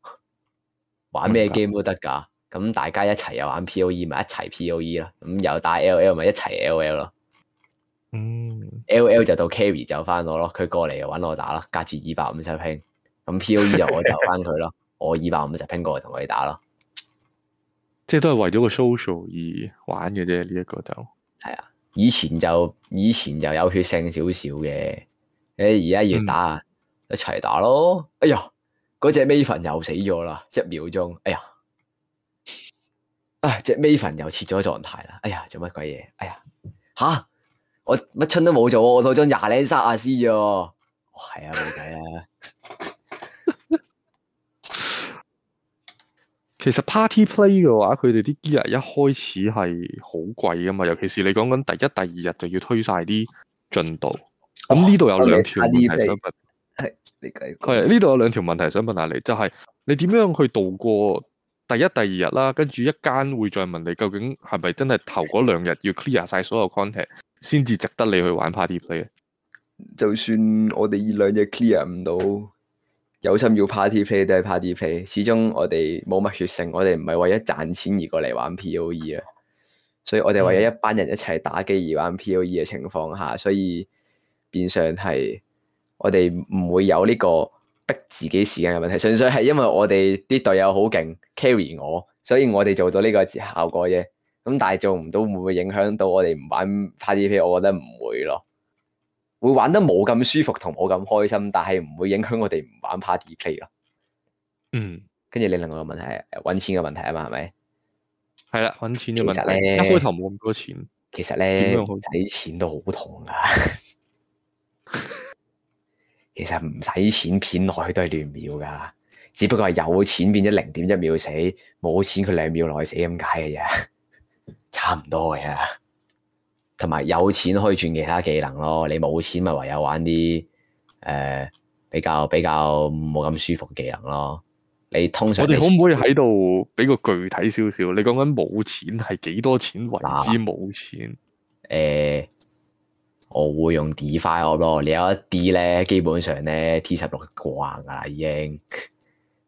玩咩 game 都得㗎。咁大家一齊又玩 POE，咪一齊 POE 啦。咁又打 LL 咪一齊 LL 啦。嗯，L L 就到 carry 就翻我咯，佢過嚟就揾我打啦，隔住二百五十 ping 咁 P O E 就我就翻佢咯，我二百五十 ping 過嚟同佢打咯，即係都係為咗個 social 而玩嘅啫，呢、這、一個就係啊，以前就以前就有血性少少嘅，誒而家要打啊，嗯、一齊打咯，哎呀，嗰、那、隻、個、Maven 又死咗啦，一秒鐘，哎呀、哎那個哎哎，啊隻 Maven 又切咗狀態啦，哎呀，做乜鬼嘢，哎呀，吓！我乜春都冇做，我就將廿零三阿師啫。係啊，冇計啊。 [LAUGHS] 其實 party play 嘅話，佢哋啲 gear 啊，一開始係好貴噶嘛。尤其是你講緊第一、第二日就要推晒啲進度。咁呢度有兩條問題想問係呢度有兩條問題想問下你，就係、是、你點樣去度過？第一、第二日啦，跟住一間會再問你，究竟係咪真係頭嗰兩日要 clear 晒所有 content 先至值得你去玩 party play？就算我哋呢兩日 clear 唔到，有心要 party play 都係 party play。始終我哋冇乜血性，我哋唔係為咗賺錢而過嚟玩 POE 啊。所以我哋為咗一班人一齊打機而玩 POE 嘅情況下，所以變相係我哋唔會有呢個。逼自己時間嘅問題，純粹係因為我哋啲隊友好勁 carry 我，所以我哋做到呢個效果啫。咁但係做唔到會唔會影響到我哋唔玩 party play？我覺得唔會咯，會玩得冇咁舒服同冇咁開心，但係唔會影響我哋唔玩 party play 咯。嗯，跟住你另外一個問題係搵錢嘅問題啊嘛，係咪？係啦，搵錢嘅問題。其實咧，一開頭冇咁多錢，其實咧，點樣好仔，錢都好痛噶。 [LAUGHS] 其實唔使錢，片內都係亂秒噶，只不過係有錢變咗零點一秒死，冇錢佢兩秒內死咁解嘅啫，差唔多嘅。同埋有，有錢可以轉其他技能咯，你冇錢咪唯有玩啲誒、呃、比較比較冇咁舒服嘅技能咯。你通常你我哋可唔可以喺度俾個具體少少？你講緊冇錢係幾多錢為之冇錢？誒。我會用 d e f i 我 p 咯，你有一啲咧，基本上咧 T 十六掛噶啦，已經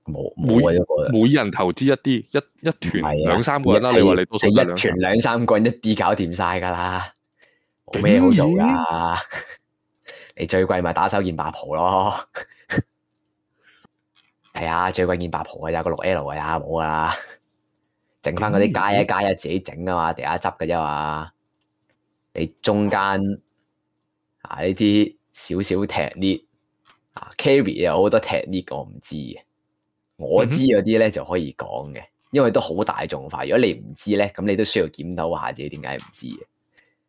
冇冇、那個、每,每人投資一啲，一一團兩三個人啦，一你話你都數一團兩三個人一啲搞掂晒噶啦，冇咩好做噶，麼 [LAUGHS] 你最貴咪打手件八婆咯，係啊，最貴見八婆啊，有個六 L 嘅呀，冇噶啦，剩翻嗰啲加一加一，自己整噶嘛，地下執嘅啫嘛，你中間。呢啲少少踢呢啊 carry 啊，好 [NOISE] [NOISE] 多踢呢，我唔知嘅。我知嗰啲咧就可以講嘅，因為都好大眾化。如果你唔知咧，咁你都需要檢討下自己點解唔知嘅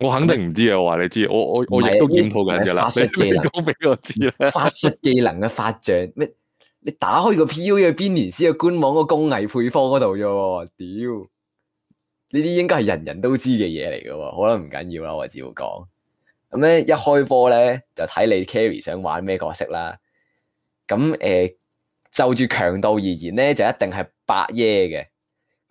[NOISE] 我肯定唔知啊！我話你知，我我我亦都檢討緊噶啦。發技能俾 [NOISE] 我知啦。法術 [NOISE] 技能嘅法杖咩？你打開個 POE 嘅編年史嘅官網個工藝配方嗰度啫屌，呢啲應該係人人都知嘅嘢嚟噶，可能唔緊要啦。我照講。咁咧一開波咧就睇你 carry 想玩咩角色啦。咁誒、呃、就住強度而言咧，就一定係白耶嘅。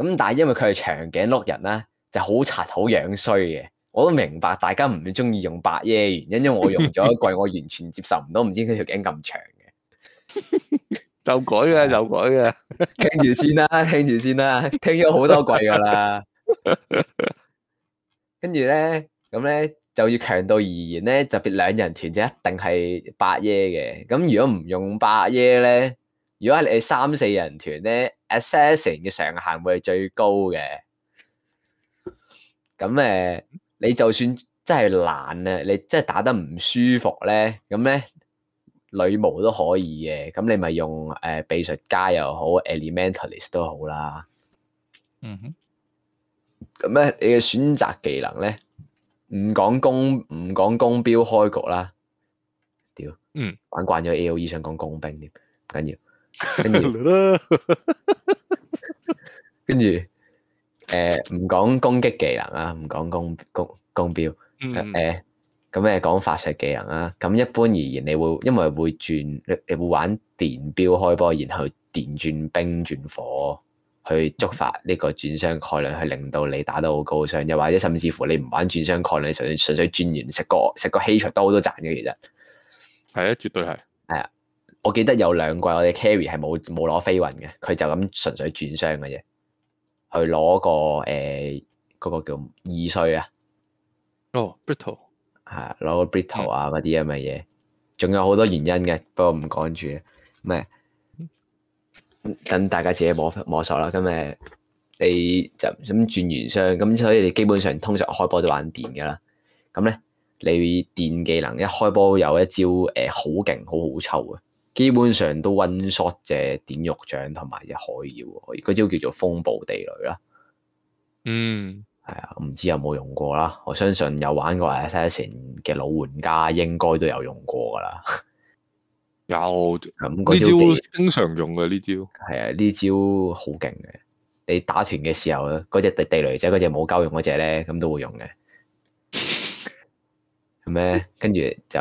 咁但係因為佢係長頸鹿人啦，啊，就好殘好樣衰嘅。我都明白大家唔中意用白耶原因，因為我用咗一季，我完全接受唔到，唔知佢條頸咁長嘅。 [LAUGHS] 就改嘅，就改嘅。傾住先啦，傾住先啦，聽咗好多季噶啦。跟住咧，咁咧。就要強度而言咧，特別兩人團就一定係八耶嘅。咁如果唔用八耶咧，如果你係三四人團咧，assassin 嘅上限會係最高嘅。咁誒，你就算真係懶啊，你真係打得唔舒服咧，咁咧女巫都可以嘅。咁你咪用誒、呃、秘術家又好，elementalist 都好啦。嗯哼、mm。咁、hmm。咧，你嘅選擇技能咧？唔講攻唔講弓標開局啦，屌，嗯，玩慣咗 AOE 想講弓兵添，唔緊要，跟住，跟住，誒唔講攻擊技能啊，唔講攻攻弓標，嗯，誒，咁誒講法術技能啊，咁一般而言你會因為會轉，你你會玩電標開波，然後電轉冰轉火。去觸發呢個轉傷概率，去令到你打得好高傷，又或者甚至乎你唔玩轉傷概率，你純粹純粹轉完食個食個器材刀都好多賺嘅其實。係啊，絕對係。係啊，我記得有兩季我哋 carry 係冇冇攞飛雲嘅，佢就咁純粹轉傷嘅啫，去攞個誒嗰、呃嗰個叫易碎啊。哦，brittle 係啊，攞個 brittle 啊嗰啲咁嘅嘢，仲有好多原因嘅，不過唔講住咩。等大家自己摸摸索啦，咁咪你就咁轉完箱，咁所以你基本上通常開波都玩電噶啦。咁咧，你電技能一開波有一招誒好勁，好、呃、好抽嘅，基本上都 one shot 隻典獄長，同埋隻海妖，嗰招叫做風暴地雷啦。嗯、mm.，係啊，唔知有冇用過啦？我相信有玩過 Assassin 嘅老玩家，應該都有用過噶啦。 [LAUGHS] 有咁呢招經常用嘅呢招係啊，呢、嗯、招好勁嘅。你打團嘅時候咧，嗰隻地地雷仔，嗰隻冇膠用嗰隻咧，咁都會用嘅。咁咧、 [LAUGHS] 嗯，跟住就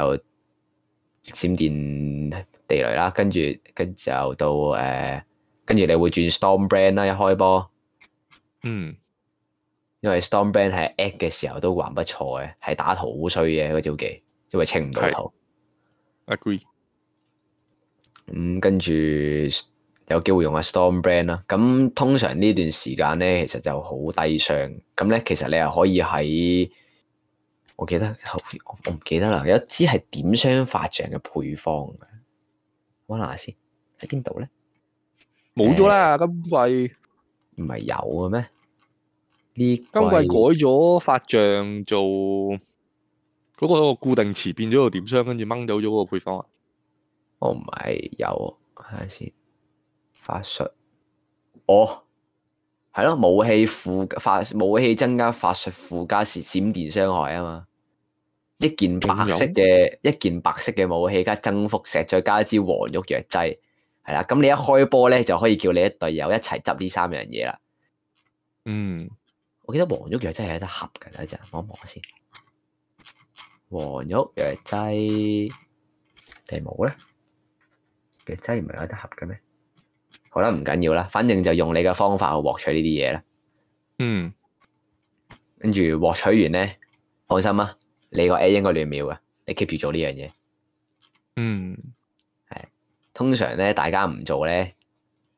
閃電地雷啦，跟住跟住就到誒、呃，跟住你會轉 Storm Brand 啦，一開波，嗯，因為 Storm Brand 係 act 嘅時候都還不錯嘅，係打圖好衰嘅嗰招技，因為清唔到圖。I、agree。咁、嗯、跟住有機會用下 Storm Brand 啦、啊。咁、嗯、通常呢段時間咧，其實就好低傷。咁、嗯、咧，其實你又可以喺，我記得，我我唔記得啦。有一支係點傷法杖嘅配方嘅，搵下先喺邊度咧？冇咗啦，今季唔係、欸、有嘅咩？呢今，今季改咗法杖做嗰個固定詞，變咗個點傷，跟住掹走咗嗰個配方啊！我唔係有，睇咪先看看法術？哦，係咯，武器附法武器增加法術附加是閃電傷害啊嘛。一件白色嘅湯一件白色嘅武器，加增幅石，再加一支黃玉藥劑，係啦。咁你一開波咧，就可以叫你一隊友一齊執呢三樣嘢啦。嗯，我記得黃玉藥劑係得盒噶，等陣摸望先。黃玉藥劑，定係冇咧？嘅真係唔係有得合嘅咩？好啦，唔緊要啦，反正就用你嘅方法去獲取呢啲嘢啦。嗯，跟住獲取完咧，放心啦，你個 A 應該亂秒嘅。你 keep 住做呢樣嘢，嗯係通常咧，大家唔做咧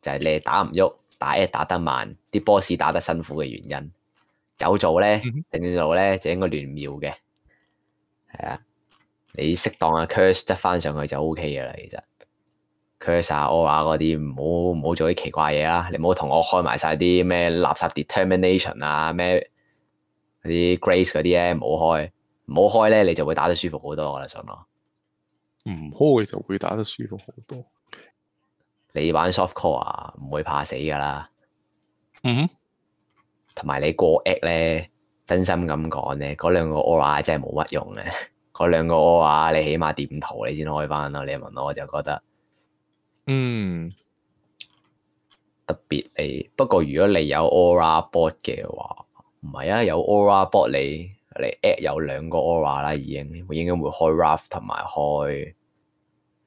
就係、是、你打唔喐，打 A 打得慢，啲 boss 打得辛苦嘅原因有做咧，定、嗯、哼做咧就應該亂秒嘅係啊。你適當啊，curse 得翻上去就 O K 噶啦，其實。佢殺 Aura 嗰啲唔好唔好做啲奇怪嘢啦，你唔好同我開埋晒啲咩垃圾 determination 啊，咩嗰啲 grace 嗰啲咧，唔好開，唔好開咧，你就會打得舒服好多我啦，信唔？唔開就會打得舒服好多。你玩 soft core 唔會怕死噶啦。嗯、mm，同、hmm. 埋你過 act 咧，真心咁講咧，嗰兩個 Aura 真係冇乜用咧，嗰 [LAUGHS] 兩個 Aura 你起碼點圖你先開翻咯。你問我，我就覺得。嗯，特別你不過，如果你有 Aura Bot 嘅話，唔係啊，有 Aura Bot 你你 at 有兩個 Aura 啦，已經應該會，會開 Raft 同埋開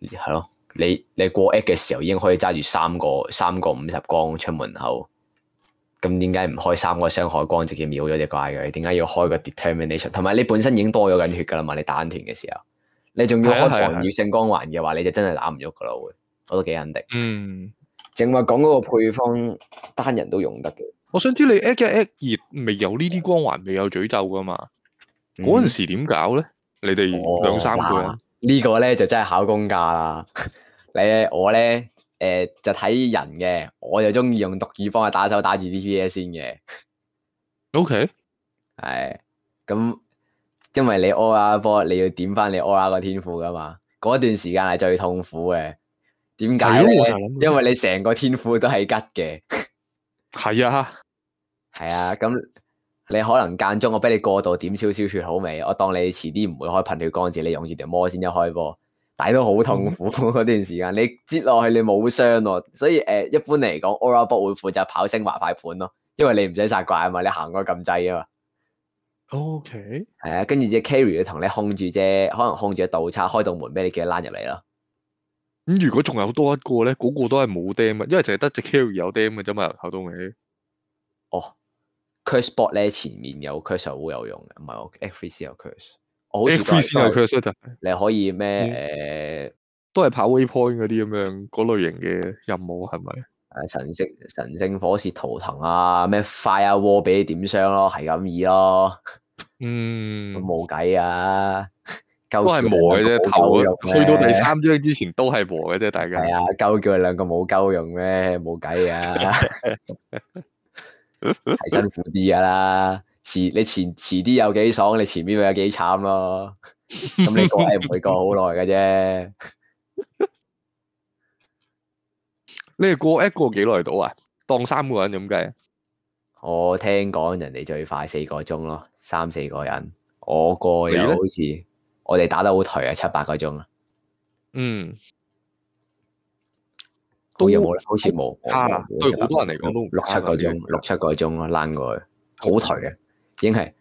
係咯，啊，你你過 at 嘅時候已經可以揸住三個三個五十光出門口，咁點解唔開三個傷害光直接秒咗隻怪嘅？點解要開個 Determination？同埋你本身已經多咗緊血噶啦嘛，你打緊團嘅時候，你仲要開防禦性光環嘅話， [LAUGHS] [LAUGHS] 你就真係打唔喐噶啦會。我都幾肯定。嗯，淨係講嗰個配方，單人都用得嘅。我想知你 X X d 一未有呢啲光環，未有詛咒㗎嘛？嗰陣、嗯、時點搞咧？你哋兩三個人、哦啊這個、呢個咧就真係考功架啦。 [LAUGHS] 你我咧誒、呃、就睇人嘅，我就中意用毒語幫佢打手打住 DPS 先嘅。O K，係咁，因為你 Ora 波你要點返你 Ora 個天賦㗎嘛？嗰段時間係最痛苦嘅。點解咧？因為你成個天賦都係吉嘅，係啊，係啊。咁你可能間中我俾你過度點少少血好未？我當你遲啲唔會開噴血光字，你用住條魔先一開波，但係都好痛苦嗰、嗯、段時間。你接落去你冇傷喎，所以誒、呃，一般嚟講，Aurabot 會負責跑升華快盤咯，因為你唔使殺怪啊嘛，你行過咁滯啊嘛。O K，係啊，跟住只 carry 同你控住啫，可能控住個導叉開道門俾你得拉入嚟咯。咁如果仲有多一個咧，嗰、那個都係冇 damn 嘅，因為淨係得隻 carry 有 damn 嘅啫嘛，頭到尾。哦，curse bot 咧前面有 curse 好有用嘅，唔係我 x3c 有 curse，我好 c 有 curse 就係、是、你可以咩誒，嗯呃、都係跑 waypoint 嗰啲咁樣嗰類型嘅任務係咪？誒神聖神聖火舌圖騰啊，咩 fire wall 俾你點傷咯，係咁易咯。嗯。冇計啊！啊、都係磨嘅啫，頭去到第三張之前都係磨嘅啫，大家係 [LAUGHS] 啊，鳩叫兩個冇鳩用咩？冇計啊，係、啊、 [LAUGHS] [LAUGHS] [LAUGHS] [LAUGHS] 辛苦啲噶啦。遲你前遲遲啲有幾爽，你前面咪有幾慘咯。咁 [LAUGHS] [LAUGHS] 你唔會過好耐嘅啫， [LAUGHS] 你哋過一個幾耐到啊？當三個人咁計， [LAUGHS] 我聽講人哋最快四個鐘咯三，三四個人，我過又好似。 [LAUGHS] [LAUGHS] 我哋打得好頹啊，七八個鐘啊，嗯 700,、啊，都冇啦，好似冇卡啦。對好多人嚟講都六七個鐘，六七個鐘咯，躝過去好頹啊，已經係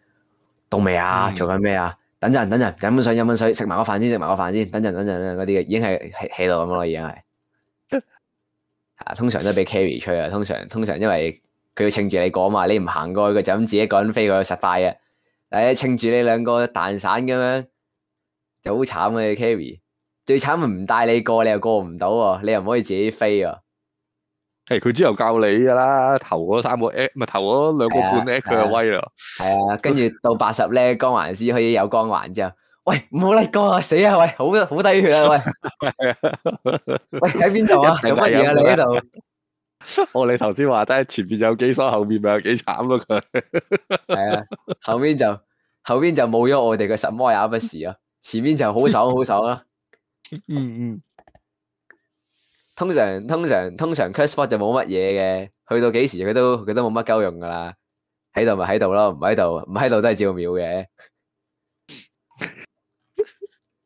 到未啊？做緊咩啊？等陣，等陣，飲碗水，飲碗水，食埋個飯先，食埋個飯先。等陣，等陣，嗰啲已經係起到咁咯，已經係吓、啊。通常都俾 carry 吹啊，通常，通常因為佢要稱住你講嘛，你唔行過去個就咁自己一個人飛過去實快啊。誒，稱住你兩個蛋散咁樣。就好慘嘅 carry，最慘咪唔帶你過，你又過唔到喎，你又唔可以自己飛啊！係佢之後教你噶啦，頭嗰三個 a 咪、哎、頭嗰兩個半 a 佢、啊、就威咯。係啊，跟住到八十咧光環先可以有光環之後。喂，唔好啦，哥死啊喂，好好低血啊喂。 [LAUGHS] [LAUGHS] 喂喺邊度啊？做乜嘢啊？ [LAUGHS] 這你呢度？哦， [LAUGHS] [LAUGHS] 你頭先話齋，前邊有幾爽，後面咪有幾慘咯。佢 [LAUGHS] 係啊，後面就後面就冇咗我哋嘅什麼也不是啊。前面就好爽好爽啦，嗯嗯、啊，通常通常通常 curse support 就冇乜嘢嘅，去到幾時佢都佢都冇乜鳩用噶啦，喺度咪喺度咯，唔喺度唔喺度都係照秒嘅，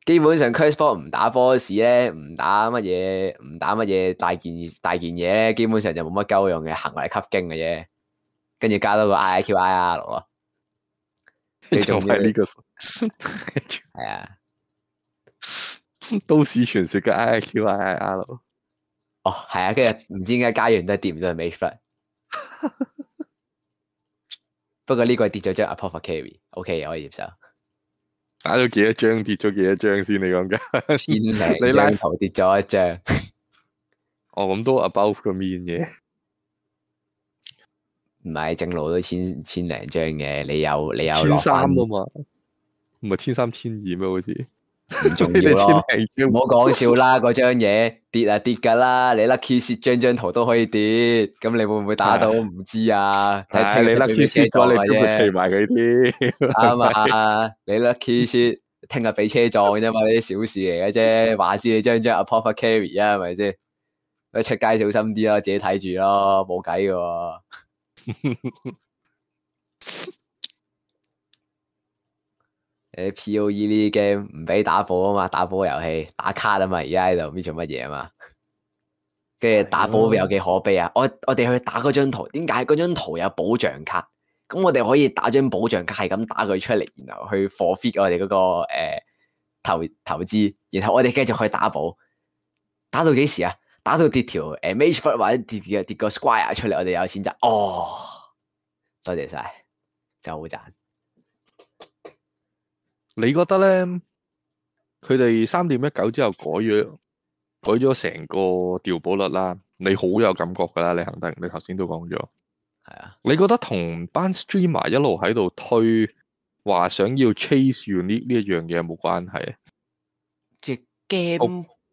基本上 curse support 唔打 boss 咧，唔打乜嘢唔打乜嘢大件大件嘢咧，基本上就冇乜鳩用嘅，行嚟吸經嘅啫，跟住加多個 i q i r 咯。仲係呢個，係 [LAUGHS] 啊， [LAUGHS] 都市傳說嘅 I Q I I l 哦係啊，跟住唔知點解加完都係掂，都係未甩。不過呢個跌咗張 Apothecary，OK 我可以接受。打咗幾多，多，多張跌咗幾多張先？你講緊，千零，你拉頭跌咗一張。哦，咁都 above the mean 嘅。唔係正路都千千零張嘅，你有你有落千三啊嘛？唔係千三千二咩？好似唔重要咯。千零張！唔好講笑啦，嗰張嘢跌啊跌噶啦！你 lucky s h e t 張張圖都可以跌，咁你會唔會打到唔知啊？係你 lucky s h e t 話你都會騎埋佢添。啱啊！你 lucky s h e t 聽日俾車撞啫嘛，呢啲 [LAUGHS] [LAUGHS] 小事嚟嘅啫。話知你張張 a proper carry 啊，係咪先？出街小心啲啦，自己睇住咯，冇計噶。誒，P O E 呢啲 game 唔俾打寶啊嘛，打寶遊戲打卡啊嘛，而家喺度唔知做乜嘢啊嘛，跟住打寶有幾可悲啊！ [LAUGHS] [LAUGHS] 我我哋去打嗰張圖，點解嗰張圖有保障卡？咁我哋可以打張保障卡，係咁打佢出嚟，然後去 forfeit 我哋嗰、那個誒、呃、投投資，然後我哋繼續去打寶，打到幾時啊？打到跌條 M H B, 或者跌跌跌個 Squire 出嚟，我哋有錢賺哦，多謝晒，就好賺。你覺得咧，佢哋三點一九之後改咗，改咗成個掉寶率啦，你好有感覺㗎喇，你肯定，你頭先都講咗，係啊。你覺得同班 streamer 一路喺度推話想要 chase 完呢呢一樣嘢有冇關係啊？即 g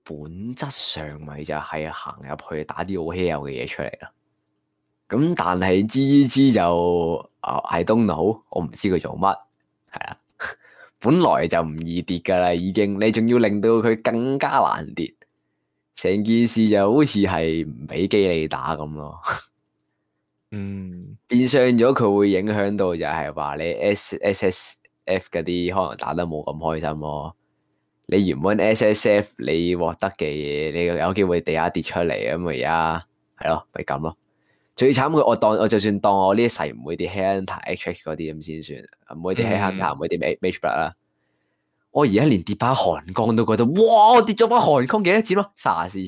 本質上咪就係行入去打啲好稀有嘅嘢出嚟咯，咁但係芝芝就 I don't know，我唔知佢做乜，係啊，本來就唔易跌噶啦，已經你仲要令到佢更加難跌，成件事就好似係唔俾機你打咁咯，嗯，變相咗佢會影響到就係話你 SSF 嗰啲可能打得冇咁開心咯，啊。你原本 SSF 你獲得嘅嘢，你有機會地下跌出嚟，咁啊而家係咯，咪咁咯。最慘佢我當我就算當我呢一世唔會跌 hand 牌 H 牌嗰啲咁先算，唔會跌 hand 牌，唔會跌 H 牌啦。我而家連跌翻寒江都覺得，哇！跌咗把寒空幾多錢啊？啥事？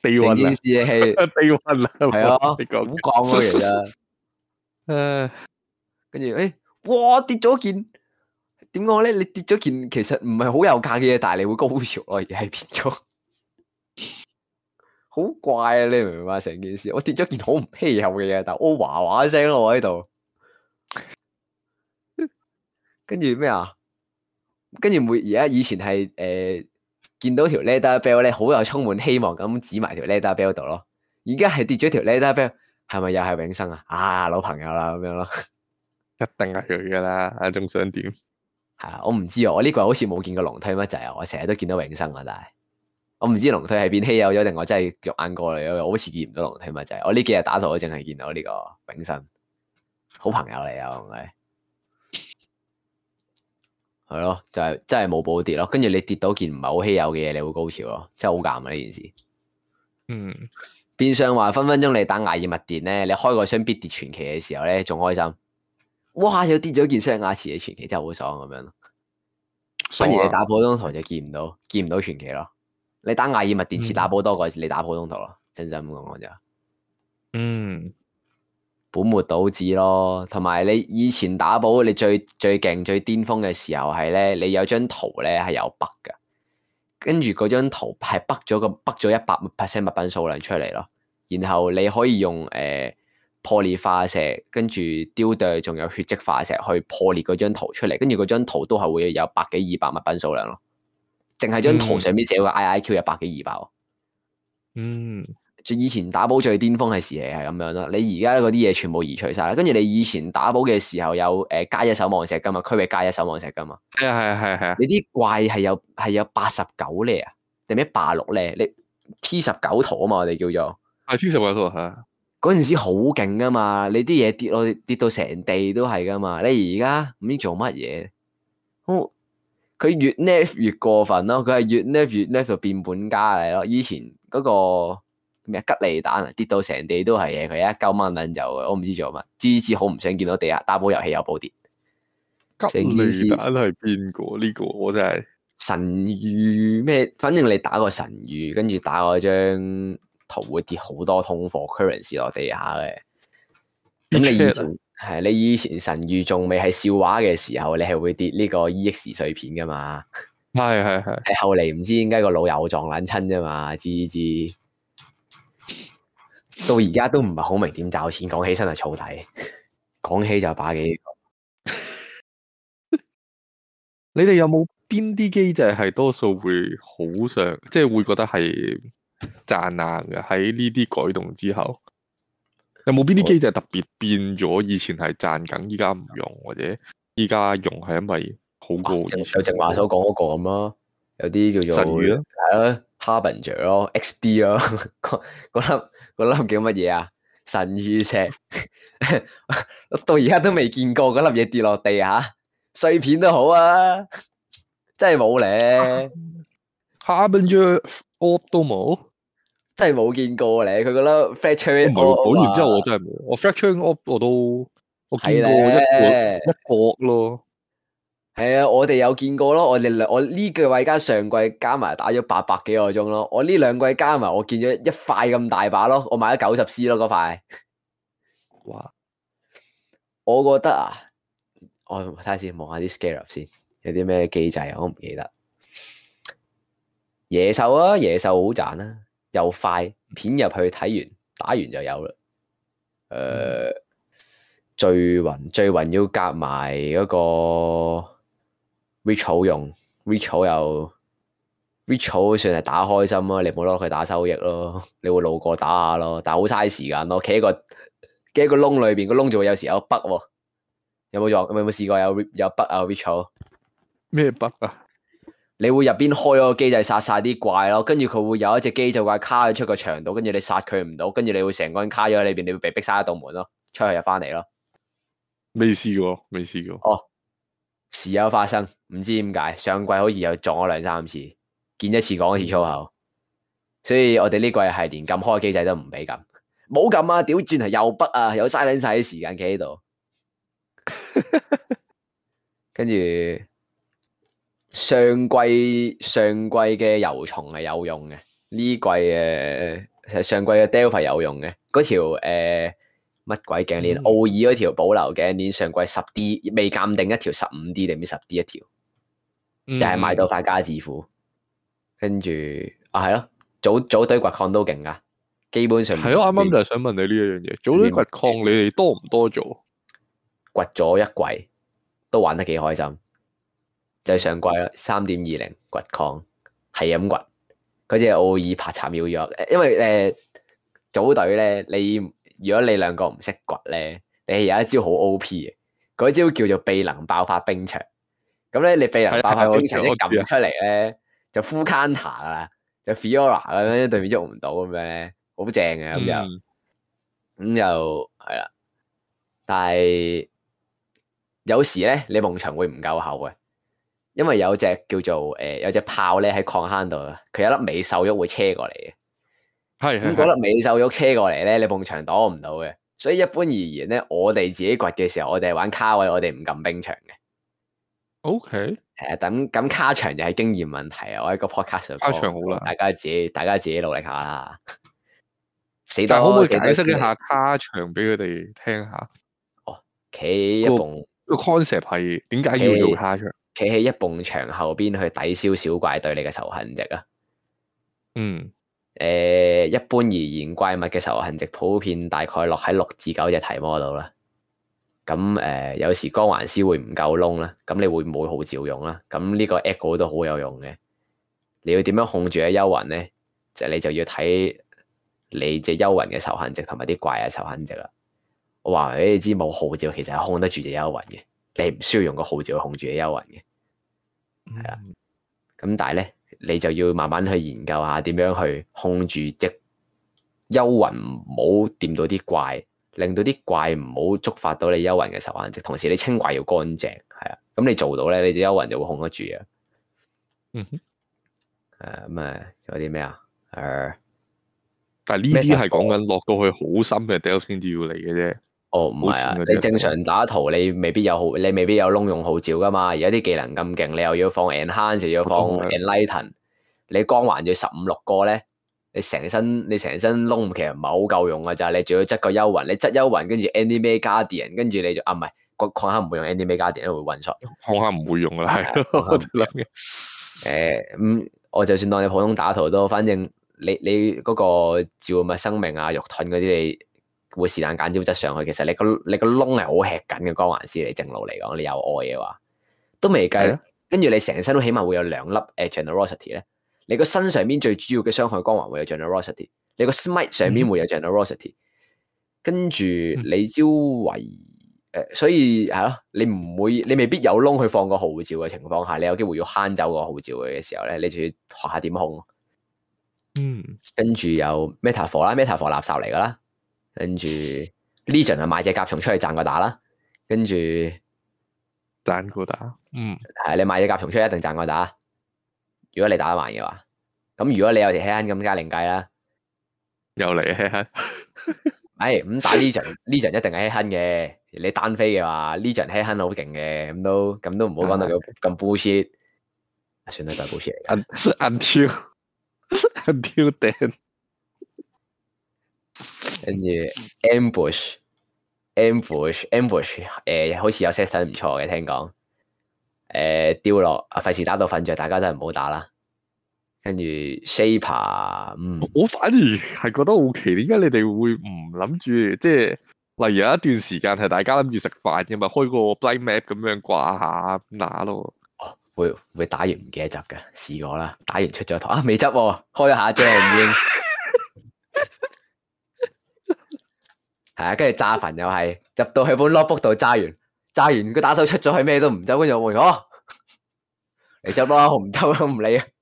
悲運啊！係啊，唔好講啊而家。誒，跟住誒，哇！跌咗件？點講咧？你跌咗件其實唔係好有價嘅嘢，但係你會高潮咯，而係變咗好 [LAUGHS] 怪啊！你明唔明、哦、啊？成件事我跌咗件好唔稀有嘅嘢，但係我嘩嘩聲咯，我喺度，跟住咩啊？跟住每而家以前係誒、呃、見到條 leader bell 咧，好有充滿希望咁指埋條 leader bell 度咯。而家係跌咗條 leader bell，係咪又係永生啊？啊，老朋友啦，咁樣咯，一定係佢噶啦，仲想點？我唔知啊，我呢個好似冇見過龍退乜仔啊，我成日都見到永生啊，但係我唔知龍退係變稀有咗定我真係肉眼過嚟啊，我好似見唔到龍退乜仔，我呢幾日打圖都淨係見到呢個永生，好朋友嚟啊，係咪？係咯，就係真係冇補跌咯，跟住你跌到件唔係好稀有嘅嘢，你會高潮咯，真係好尷啊呢件事，嗯，變相話分分鐘你打艾爾麥電咧，你開個箱必跌傳奇嘅時候咧，仲開心。哇！又跌咗件雙亞瓷嘅傳奇，真係好爽咁樣咯。啊、反而你打普通圖就見唔到，見唔到傳奇咯。你打亞爾物電池打補多個，你打普通圖咯。真心咁講就，嗯，嗯本末倒置咯。同埋你以前打補，你最最勁、最巔峰嘅時候係咧，你有張圖咧係有卜嘅，跟住嗰張圖係卜咗個卜咗一百 percent 物品數量出嚟咯。然後你可以用誒，呃破裂化石，跟住雕對，仲有血跡化石，去破裂嗰張圖出嚟，跟住嗰張圖都係會有百幾二百物品數量咯。淨係張圖上面寫個 I I Q 有百幾二百。嗯，以前打寶最巔峰係時期係咁樣咯。你而家嗰啲嘢全部移除晒啦。跟住你以前打寶嘅時候有誒、呃、加一手望石噶嘛，區域加一手望石噶嘛。係啊係啊係啊係啊。你啲怪係有係有八十九呢？定咩八六呢？你 T 十九圖啊嘛，我哋叫做係 T 十九圖吓。嗰陣時好勁噶嘛，你啲嘢跌落跌到成地都係噶嘛。你而家唔知做乜嘢，佢、哦、越叻越過分咯。佢係越叻越叻就變本加厲咯。以前嗰、那個咩吉利蛋啊，跌到成地都係嘢佢一九蚊銀就，嘅。我唔知做乜，只只好唔想見到地下打寶遊戲有暴跌。吉利蛋係邊個？呢個我真係神諭咩？反正你打個神諭，跟住打我張。圖會跌好多通貨 currency 落地下嘅，咁你以前係吧你以前神諭仲未係笑話嘅時候，你係會跌呢個 EX 碎片噶嘛？係係係，後嚟唔知點解個老友撞卵親啫嘛？知知知，到而家都唔係好明點找錢，講起身係草底，講起就把幾。 [LAUGHS] 你哋有冇邊啲機制係多數會好上，即係會覺得係？賺硬嘅喺呢啲改動之後，有冇邊啲機制特別變咗？以前係賺緊，依家唔用，或者依家用係因為好過、那個。有正話所講嗰個咁啊，有啲叫做神雨咯，係咯，Harbinger 咯，X D 咯、啊，嗰粒嗰粒叫乜嘢啊？神雨石， [LAUGHS] 到而家都未見過嗰粒嘢跌落地下、啊，碎片都好啊，真係冇咧、啊，Harbinger of 都冇。真係冇見過你、啊，佢覺得 fraction up 是。唔係，講完之後我真係冇。我 fraction up 我都我見過一個的一個咯。係啊，我哋有見過咯。我哋兩我呢個而家上季加埋打咗八百幾個鐘咯。我呢兩季加埋我見咗一塊咁大把咯。我買咗九十 C 咯嗰塊。哇！我覺得啊，我睇下先，望下啲 scare 先，有啲咩機制我唔記得。野獸啊，野獸好賺啊。又快片入去睇完打完就有啦。誒聚雲，聚雲要夾埋嗰個 Ritual 好用，Ritual 又 Ritual 算係打開心啦。你唔好攞佢打收益咯，你會路過打下咯。但係好嘥啲時間咯，企喺個企喺個窿裏邊，個窿就會有時有 bug 喎、啊。有冇用？有冇試過有有 bug 啊？Ritual 咩 bug 啊？你會入邊開咗個機制殺晒啲怪咯，跟住佢會有一隻機制怪卡喺出個牆度，跟住你殺佢唔到，跟住你會成個人卡咗喺裏邊，你會被逼閂一道門去咯，出又入翻嚟咯。未試過，未試過。哦，時有發生，唔知點解上季好似又撞咗兩三次，見一次講一次粗口，所以我哋呢季係連撳開機制都唔俾撳，冇撳啊！屌轉係又不啊，有嘥捻晒啲時間企喺度，跟住。 [LAUGHS] 上季上季嘅油松係有用嘅，呢季誒，上季嘅 Delta 有用嘅，嗰條誒乜鬼頸鏈，奧爾嗰條保留頸鏈上季十 D 未鑑定一條，十五 D 定唔知十 D 一條，就係、嗯、買到塊加字符，跟住啊係咯，組組隊掘礦都勁噶，基本上係咯，啱啱就係想問你呢一樣嘢，組隊掘礦你哋多唔多做？掘咗一季，都玩得幾開心。就上季咯，三點二零掘礦係咁掘。嗰隻奧爾帕擦秒約，因為誒、呃、組隊咧，你如果你兩個唔識掘咧，你有一招好 O P 嘅，嗰招叫做秘能爆發冰牆。咁咧你秘能爆發冰牆一撳出嚟咧，就 full counter 啦，就 Fiora 咁樣對面喐唔到咁樣咧，好正嘅咁就咁，嗯、就係啦。但係有時咧，你夢場會唔夠厚嘅。因為有隻叫做誒，有隻炮咧喺礦坑度，佢有粒尾獸玉會車過嚟嘅。係係如果粒尾獸玉車過嚟咧，你埲牆擋唔到嘅。所以一般而言咧，我哋自己掘嘅時候，我哋係玩卡位，我哋唔撳冰牆嘅。O K 係啊，等咁卡牆就係經驗問題啊！我喺個 podcast 上卡牆好啦，大家自己大家自己努力下。但係可唔可以解釋一下卡牆俾佢哋聽下？哦，企一共個 concept 係點解要做卡牆？企喺一埲牆後邊去抵消小怪對你嘅仇恨值啦、啊。嗯，誒、呃，一般而言，怪物嘅仇恨值普遍大概落喺六至九隻提摩度啦。咁、嗯、誒、呃，有時光環師會唔夠窿啦，咁你會唔會號召用啦？咁呢個 echo 都好有用嘅。你要點樣控住嘅幽魂咧？就係、是、你就要睇你隻幽魂嘅仇恨值同埋啲怪嘅仇恨值啦。我話俾你知，冇號召其實係控得住隻幽魂嘅。你唔需要用個號字去控住你幽魂嘅，係啦。咁但係咧，你就要慢慢去研究下點樣去控住，即幽魂，唔好掂到啲怪，令到啲怪唔好觸發到你幽魂嘅仇恨。即同時你清怪要乾淨，係啦。咁你做到咧，你隻幽魂就會控得住嘅。誒、嗯哼，咁啊，仲有啲咩啊？誒、uh，但係呢啲係講緊落到去好深嘅屌先至要嚟嘅啫。嗯哼哦，唔係啊！你正常打圖，你未必有號，你未必有窿用號召噶嘛。而家啲技能咁勁，你又要放 Enhance，又要放 Enlighten，你光環要十五六個咧，你成身你成身窿其實唔係好夠用噶咋。你仲要執個幽魂，你執幽魂跟住 Animate Guardian，跟住你就啊，唔係個礦坑唔會用 Animate Guardian，因為會暈出。礦坑唔會用啊，係我哋諗嘅。誒，嗯，我就算當你普通打圖都，反正你你嗰個照咪生命啊、肉盾嗰啲你。會是但揀招質上去，其實你個你個窿係好吃緊嘅光環師嚟，你正路嚟講，你有愛嘅話都未計。嗯、跟住你成身都起碼會有兩粒誒 generosity 咧，你個身上邊最主要嘅傷害光環會有 generosity，你個 smite 上面會有 generosity、嗯。跟住你招維誒，所以係咯，你唔會，你未必有窿去放個號召嘅情況下，你有機會要慳走個號召嘅時候咧，你就要學下點控。嗯，跟住有 meta 火啦 meta 火 h o 垃圾嚟噶啦。跟住，Legion 就買隻甲蟲出去賺個打啦。跟住賺個打，嗯，係你買隻甲蟲出去一定賺個打。如果你打得慢嘅話，咁如果你有條嘿哼咁加另計啦，又嚟嘿哼。 [LAUGHS] 哎，咁打 Legion，Legion 一定係嘿哼嘅。你單飛嘅話，Legion 嘿哼好勁嘅，咁都咁都唔好講到咁 bullshit、嗯。算啦，係、就、大、是、bullshit。嚟嘅 Until until then。跟住 Ambush，Ambush，Ambush，誒，好似有 set 唔錯嘅，聽講，誒、呃、丟落，啊費事打到瞓着，大家都係唔好打啦。跟住 Shaper，嗯、我反而係覺得好奇，點解你哋會唔諗住，即係例如有一段時間係大家諗住食飯嘅，咪開個 blind map 咁樣掛下打咯。哦，會會打完唔記得執嘅，試過啦，打完出咗堂啊未執，啊，開一下啫，唔應。係啊，跟住炸墳又係入到去本 notebook 度炸完，炸完個打手出咗去咩都唔走。跟住我話：哦、啊，你走啦，我唔執，我唔理啊。 [LAUGHS]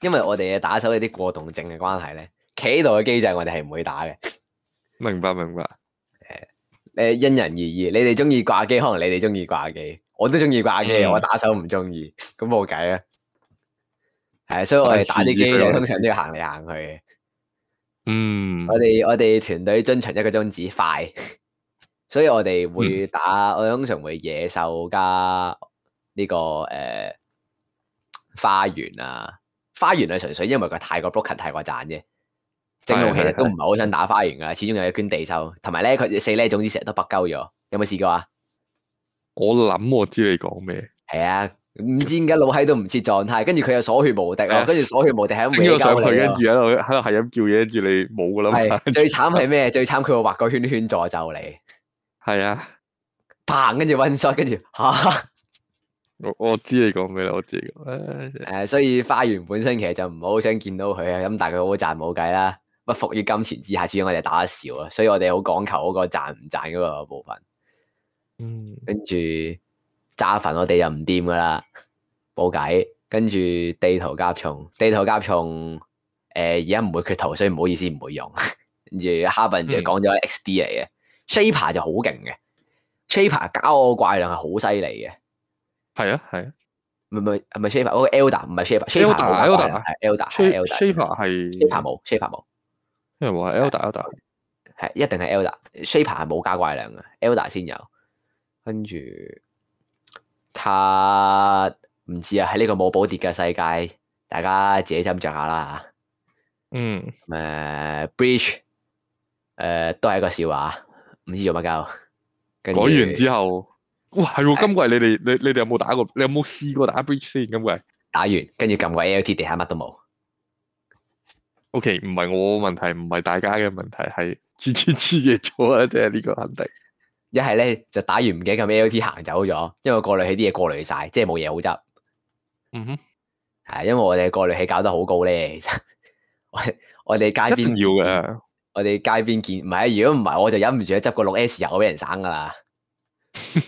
因為我哋嘅打手有啲過動症嘅關係咧，企度嘅機制我哋係唔會打嘅。明白，明白。誒，uh, 因人而異。你哋中意掛機，可能你哋中意掛機，我都中意掛機，我打手唔中意，咁冇計啊。係，所以我哋打啲機的通常都要行嚟行去。嗯，我哋我哋團隊遵循一個宗旨，快， [LAUGHS] 所以我哋會打，嗯、我哋通常會野獸加呢、這個誒、呃、花園啊，花園係純粹因為佢太過 broken 太過賺啫，正路其實都唔係好想打花園噶，始終有一圈地獸，同埋咧佢死咧總之成日都北溝咗，有冇試過啊？我諗我知你講咩？係啊。唔知點解老閪都唔設狀態，跟住佢又鎖血無敵啊！跟住鎖血無敵喺度上去。跟住喺度喺度係咁叫嘢住你冇噶啦，最慘係咩？最慘佢會畫個圈圈助咒你，係的啊，砰！跟住 one shot，跟住吓，我我知你講咩啦，我知誒，知 [LAUGHS] 所以花園本身其實就唔係好想見到佢啊。咁但係佢好賺冇計啦，不服於金錢之下，始終我哋打一笑啊。所以我哋好講求嗰個賺唔賺嗰個部分。嗯，跟住。炸粉我哋就唔掂噶啦，冇計，跟住地圖甲蟲，地圖甲蟲，誒而家唔會缺圖，所以唔好意思唔會用。跟住哈本就講咗 XD 嚟嘅 Shaper 就好勁嘅，Shaper 加我怪量係好犀利嘅。係啊係啊，唔唔係唔係 Shaper，我 Elder 唔係 Shaper Elder Elder Elder 係，Shaper 係 Shaper 冇 Shaper 冇，因為話係 Elder Elder 係一定係 Elder Shaper 係冇加怪量嘅 Elder 先有，跟住。佢唔知啊，喺呢個冇寶跌嘅世界，大家自己斟酌下啦。嗯，誒、uh，bridge 誒、呃、都係一個笑話，唔知做乜鳩。改完之後，哇，係、啊、今季你哋你你哋有冇打過？你有冇試過打 bridge 先？今季打完，跟住撳個 lt 地下乜都冇。ok，唔係我問題，唔係大家嘅問題，係 GGG 嘅錯啊！即係呢個肯定。一係咧就打完唔記得 L.T. 行走咗，因為過濾器啲嘢過濾晒，即係冇嘢好執。嗯哼、mm，係、hmm. 因為我哋過濾器搞得好高咧。其實，我哋街邊要嘅，我哋街邊見唔係。如果唔係，我就忍唔住去執個六 S 油俾人省噶啦。 [LAUGHS]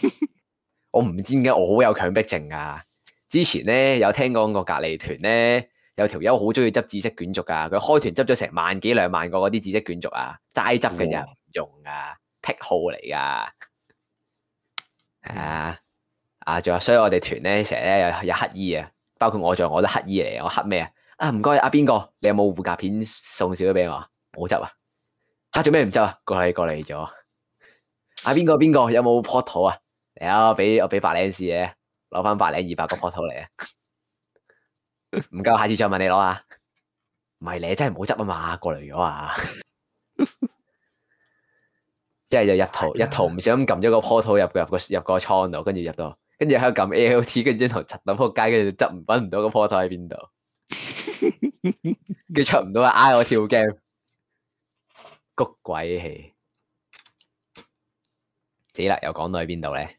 我唔知點解我好有強迫症噶。之前咧有聽講過隔離團咧有條友好中意執紫色卷軸噶，佢開團執咗成萬幾兩萬個嗰啲紫色卷軸啊，齋執嘅人唔用啊。癖好嚟噶，係、uh, 啊，啊，啊，啊，啊，仲有，所以我哋團咧成日咧有有乞衣啊，包括我在，我都乞衣嚟，我乞咩啊？啊，唔該阿邊個？你有冇護甲片送少哥俾我？唔好執啊，黑做咩唔執啊？過嚟過嚟咗，啊邊個邊個？有冇 p o port 啊？嚟啊，俾我俾白領士嘢，攞翻白領二百個 port 嚟啊！唔夠， [LAUGHS] 下次再問你攞啊！唔係你真係唔好執啊嘛？過嚟咗啊！ [LAUGHS] 一係就入圖的，入圖唔小心撳咗個 portal 入個入個倉度，跟住入到，跟住喺度撳 ALT，跟住之後柒等仆街，跟住就執唔搵唔到個 portal 喺邊度，佢出唔到啊！嗌我跳 game，谷鬼氣，死啦！又講到去邊度咧？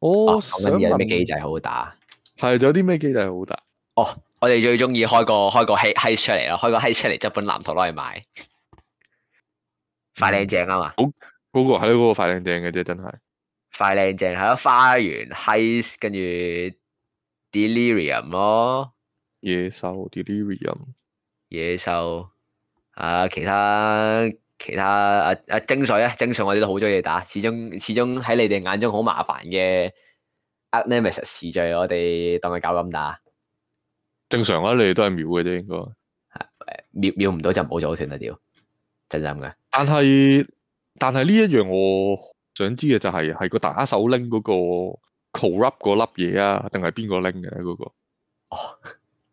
哦，哦想問咩機制好打？係，仲有啲咩機制好打？哦，我哋最中意開個開個 heist 出嚟咯，開個 heist 出嚟執本藍圖攞嚟買。快靚正啊嘛，好嗰、嗯那個係嗰個快靚正嘅啫，真係快靚正喺咯，花園 Heist 跟住 Delirium 咯，ist, Del 哦、野獸 Delirium，野獸啊，其他其他啊啊，精髓啊，精髓、啊、我哋都好中意打，始終始終喺你哋眼中好麻煩嘅 admirers 序，我哋當佢搞咁打，正常啊，你哋都係秒嘅啫，應該、啊、秒秒唔到就冇咗算啦屌。係咁嘅，但係但係呢一樣我想知嘅就係係個打手拎嗰個 corrupt 嗰粒嘢啊，定係邊個拎嘅嗰個？哦，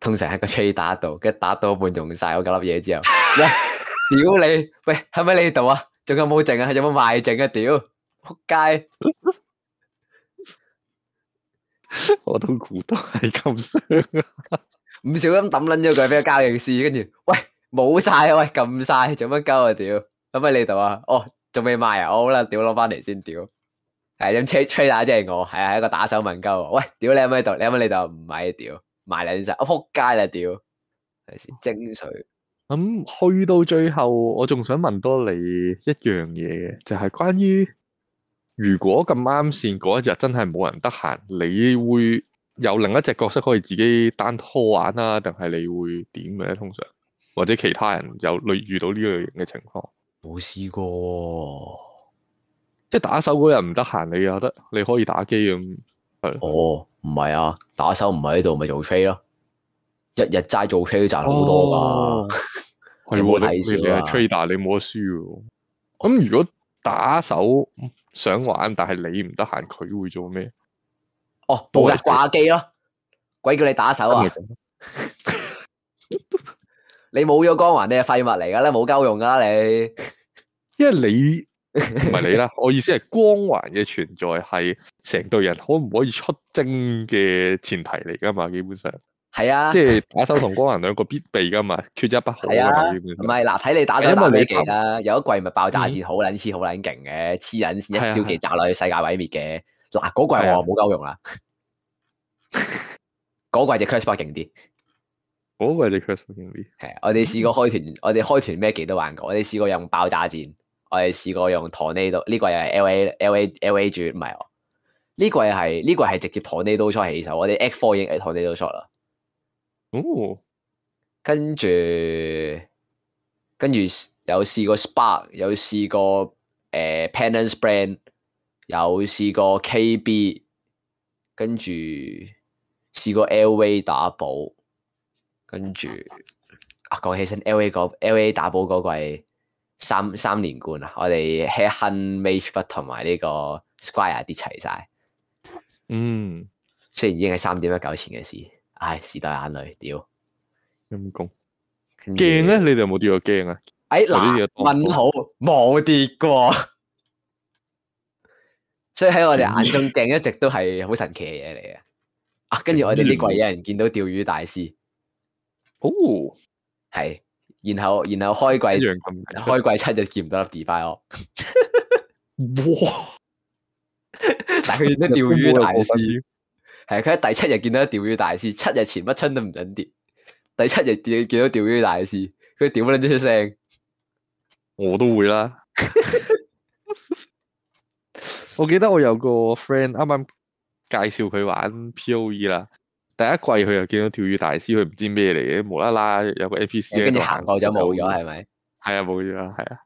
通常係個 trader 打到，跟住打到半融晒嗰粒嘢之後，屌你，喂，係咪你度啊？仲有冇剩啊？係有冇賣剩啊？屌，扑街，我都估到係咁傷，唔小心抌捻咗佢畀個交易師，跟住喂。冇晒啊！喂，咁晒做乜鳩啊？屌，咁喺你度啊？哦，仲未賣啊？我好啦，屌攞翻嚟先屌。係咁吹吹打即係，陣陣陣陣陣我係係一個打手問鳩。喂，屌你喺咪度？你喺咪你度？唔賣屌賣你啲神，我仆街啦屌。係先、啊啊、精髓咁、嗯、去到最後，我仲想問多你一樣嘢，嘅，就係、是、關於如果咁啱線嗰一日真係冇人得閒，你會有另一隻角色可以自己單拖玩啊？定係你會點嘅咧？通常？或者其他人有類遇到呢類型嘅情況，冇試過。即係打手嗰日唔得閒，你又得，你可以打機咁。係哦，唔係啊，打手唔喺度，咪做 trader 咯。一日齋做 trader 賺好多嘛、哦 [LAUGHS] 啊。你冇睇輸嘅 trader 你冇得輸嘅。咁如果打手想玩，但係你唔得閒，佢會做咩？哦，掛機咯。鬼叫你打手啊！ [LAUGHS] 你冇咗光環，你係廢物嚟噶啦，冇鳩用噶啦你。因為你唔係你啦，我意思係光環嘅存在係成隊人可唔可以出征嘅前提嚟噶嘛，基本上係是啊，即係打手同光環兩個必備噶嘛，缺一不可是啊。唔係嗱，睇你打手打唔打？因為美記啦，有一季咪爆炸戰好撚黐好撚勁嘅，黐撚先一招技炸落去世界毀滅嘅。嗱，嗰、那個、季我冇鳩用啦，嗰是、啊、 [LAUGHS] 季就 Crispberg 勁啲。我哋 c r o s，我哋試過開團，我哋開團咩機都玩過。我哋試過用爆炸箭，我哋試過用陀呢刀。呢季又係 L A L A L A 絕，唔係哦。呢季又係呢季係直接陀呢刀出起手。我哋 X four 已經係陀呢刀出啦。哦，跟住跟住有試過 spark，有試過誒 Penance Brand，有試過 KB，跟住試過 LA 打寶。跟住啊，講起身 L.A. 嗰，L.A. 打寶嗰季三三連冠啊！我哋 Headhunter、Mageblood 同埋呢個 Squire 跌齊晒。嗯，雖然已經係三點一九前嘅事，唉、哎，時代眼淚屌陰公。鏡咧？你哋有冇跌過鏡啊？誒、哎，嗱問好冇跌過， [LAUGHS] 所以喺我哋眼中鏡一直都係好神奇嘅嘢嚟嘅。啊，跟住我哋呢季有人見到釣魚大師。哦，係，然後然後開季樣開季七日見唔到粒地塊哦， [LAUGHS] 哇！ [LAUGHS] [LAUGHS] 但係佢見到釣魚大師，係佢喺第七日見到釣魚大師，七日前不親都唔准跌，第七日見到釣魚大師，佢屌你啲出聲，我都會啦。 [LAUGHS] [LAUGHS] 我記得我有個 friend 啱啱介紹佢玩 P O E 啦。第一季佢又見到跳魚大師，佢唔知咩嚟嘅，無啦啦有個 NPC。跟住行過就冇咗，係咪？係啊，冇咗啦，係啊，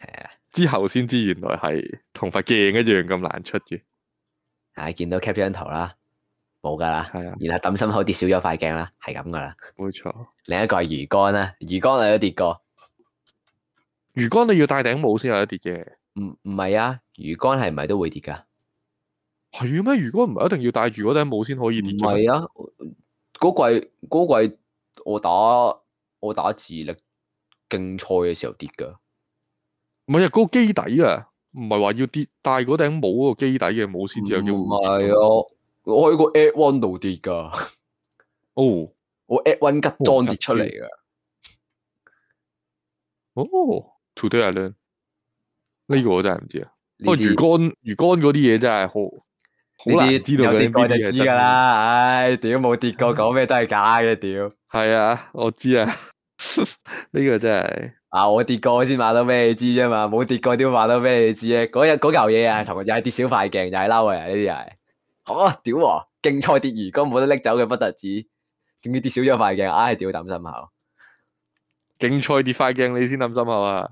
係啊。之後先知原來係同塊鏡一樣咁難出嘅。係啊，見到 cap on 頭啦，冇㗎啦。係啊。然後抌心口跌少咗塊鏡啦，係咁㗎啦。冇錯。另一個係魚竿啦，魚竿你都跌過。魚竿你要戴頂帽先可以跌嘅。唔唔係啊，魚竿係唔係都會跌㗎？係咩？如果唔係，一定要戴住嗰頂帽先可以跌。唔係啊，嗰季嗰季我打我打智力競賽嘅時候跌噶。唔係啊，嗰、嗰個基底啊，唔係話要跌戴嗰頂帽嗰、嗰個基底嘅帽先至要跌。唔係啊，我喺個 at one 度跌噶。哦，我 at one, [LAUGHS] oh, one 吉裝跌出嚟噶。哦、oh，today I learned 呢個我真係唔知啊。個些魚竿魚竿嗰啲嘢真係好。呢啲知道你跌過就知噶啦，唉，屌冇跌過講咩都係假嘅，屌。係啊，我知啊，呢 [LAUGHS] 個真係啊，我跌過先買到咩你知啫嘛，冇跌過點買到咩你知啊？嗰日嗰嚿嘢啊，同埋又係跌小塊鏡，又係嬲啊。呢啲係。啊，屌啊！競賽、啊、跌魚缸冇得拎走嘅不特止，仲要跌少咗塊鏡，唉、啊，屌，抌心口！競賽跌塊鏡你先抌心口啊？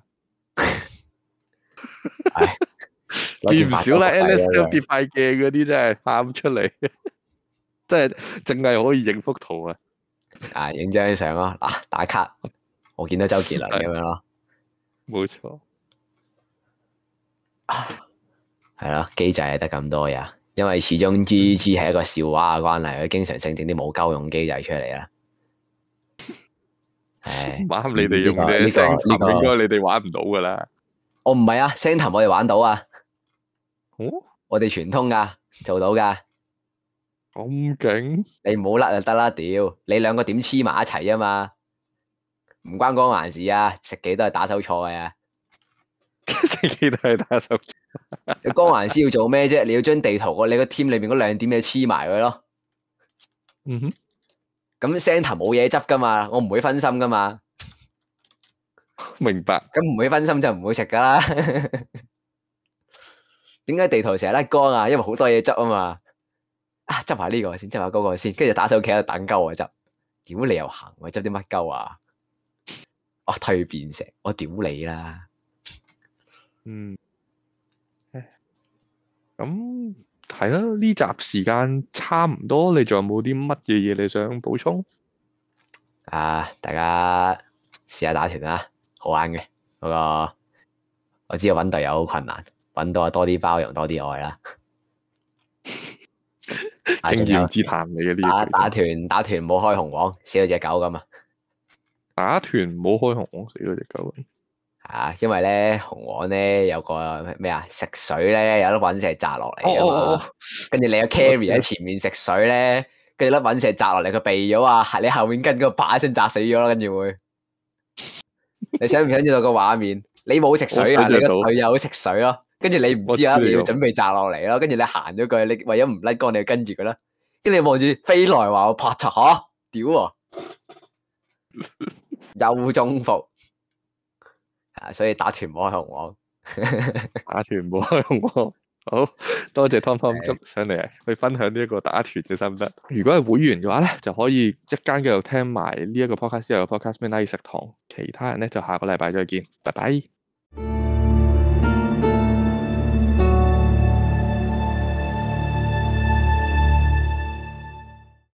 [LAUGHS] 唉見唔少啦 l S 都跌派嘅嗰啲真係喊出嚟， [LAUGHS] 真係淨係可以影幅圖呀，啊，啊！啊，影張相啦，嗱，打卡，我見到周杰倫咁樣咯、啊，冇錯錯，係啦、 [LAUGHS] [LAUGHS] 啊，機制係得咁多呀，因為始終 G G 係一個笑話嘅關係，佢經常性整啲冇鳩用機制出嚟啦。唉、 [LAUGHS] [LAUGHS] 哎，啱你哋、這個、用嘅、這個、應該你哋玩唔到噶啦。我唔係啊，聲壇我哋玩到啊。啊哦、我哋全通噶，做到噶咁勁。你唔好甩就得啦，屌你兩個點黐埋一齊啊嘛？唔關光環事啊，食幾多係打手菜啊？食幾 [LAUGHS] 多係打手菜、啊？ [LAUGHS] 你光環師要做咩啫？你要將地圖個你個 team 裏面嗰兩點嘢黐埋佢咯。嗯哼，咁聲頭冇嘢執噶嘛，我唔會分心噶嘛。明白。咁唔會分心就唔會食噶啦。 [LAUGHS] 點解地圖成日甩光啊？因為好多嘢執啊嘛，啊，執埋呢個先，執埋嗰個先，跟住打手企喺度等鳩我執，屌你又行，我執啲乜鳩啊？我、啊、退變成我屌你啦、嗯，嗯，咁係咯，呢集時間差唔多，你仲有冇啲乜嘢嘢你想補充？啊，大家試下打團啦，好啱嘅嗰個，我知道搵隊友好困難。搵到啊！多啲包容，多啲愛啦。經驗之談嚟啲。打打團打團，唔好開紅黃，死咗隻狗噶嘛。打團唔好開紅黃，死咗隻狗噶嘛，打團唔好開紅黃，死咗隻狗啊。因為咧紅黃咧有個咩啊，食水咧，有粒隕石砸落嚟，跟住你有 carry 喺前面食水咧，跟住粒隕石砸落嚟，佢避咗啊！你後面跟個，啪一聲砸死咗啦，跟住會。你想唔想見到個畫面？你冇食水啊，你個隊友食水咯。跟住你唔知啊，你要準備炸落嚟咯。跟住你行咗佢，你為咗唔甩光，你就跟住佢啦。跟住望住飛來話我拍嚓，吓屌啊！又、啊、 [LAUGHS] 中伏，啊！所以打團冇開紅網， [LAUGHS] 打團冇開紅網。好多謝 tomtom 咁上嚟去分享呢一個打團嘅心得。如果係會員嘅話咧，就可以一間嘅就聽埋呢一個 podcast，之後 podcast 入嚟食糖。其他人咧就下個禮拜再見，拜拜。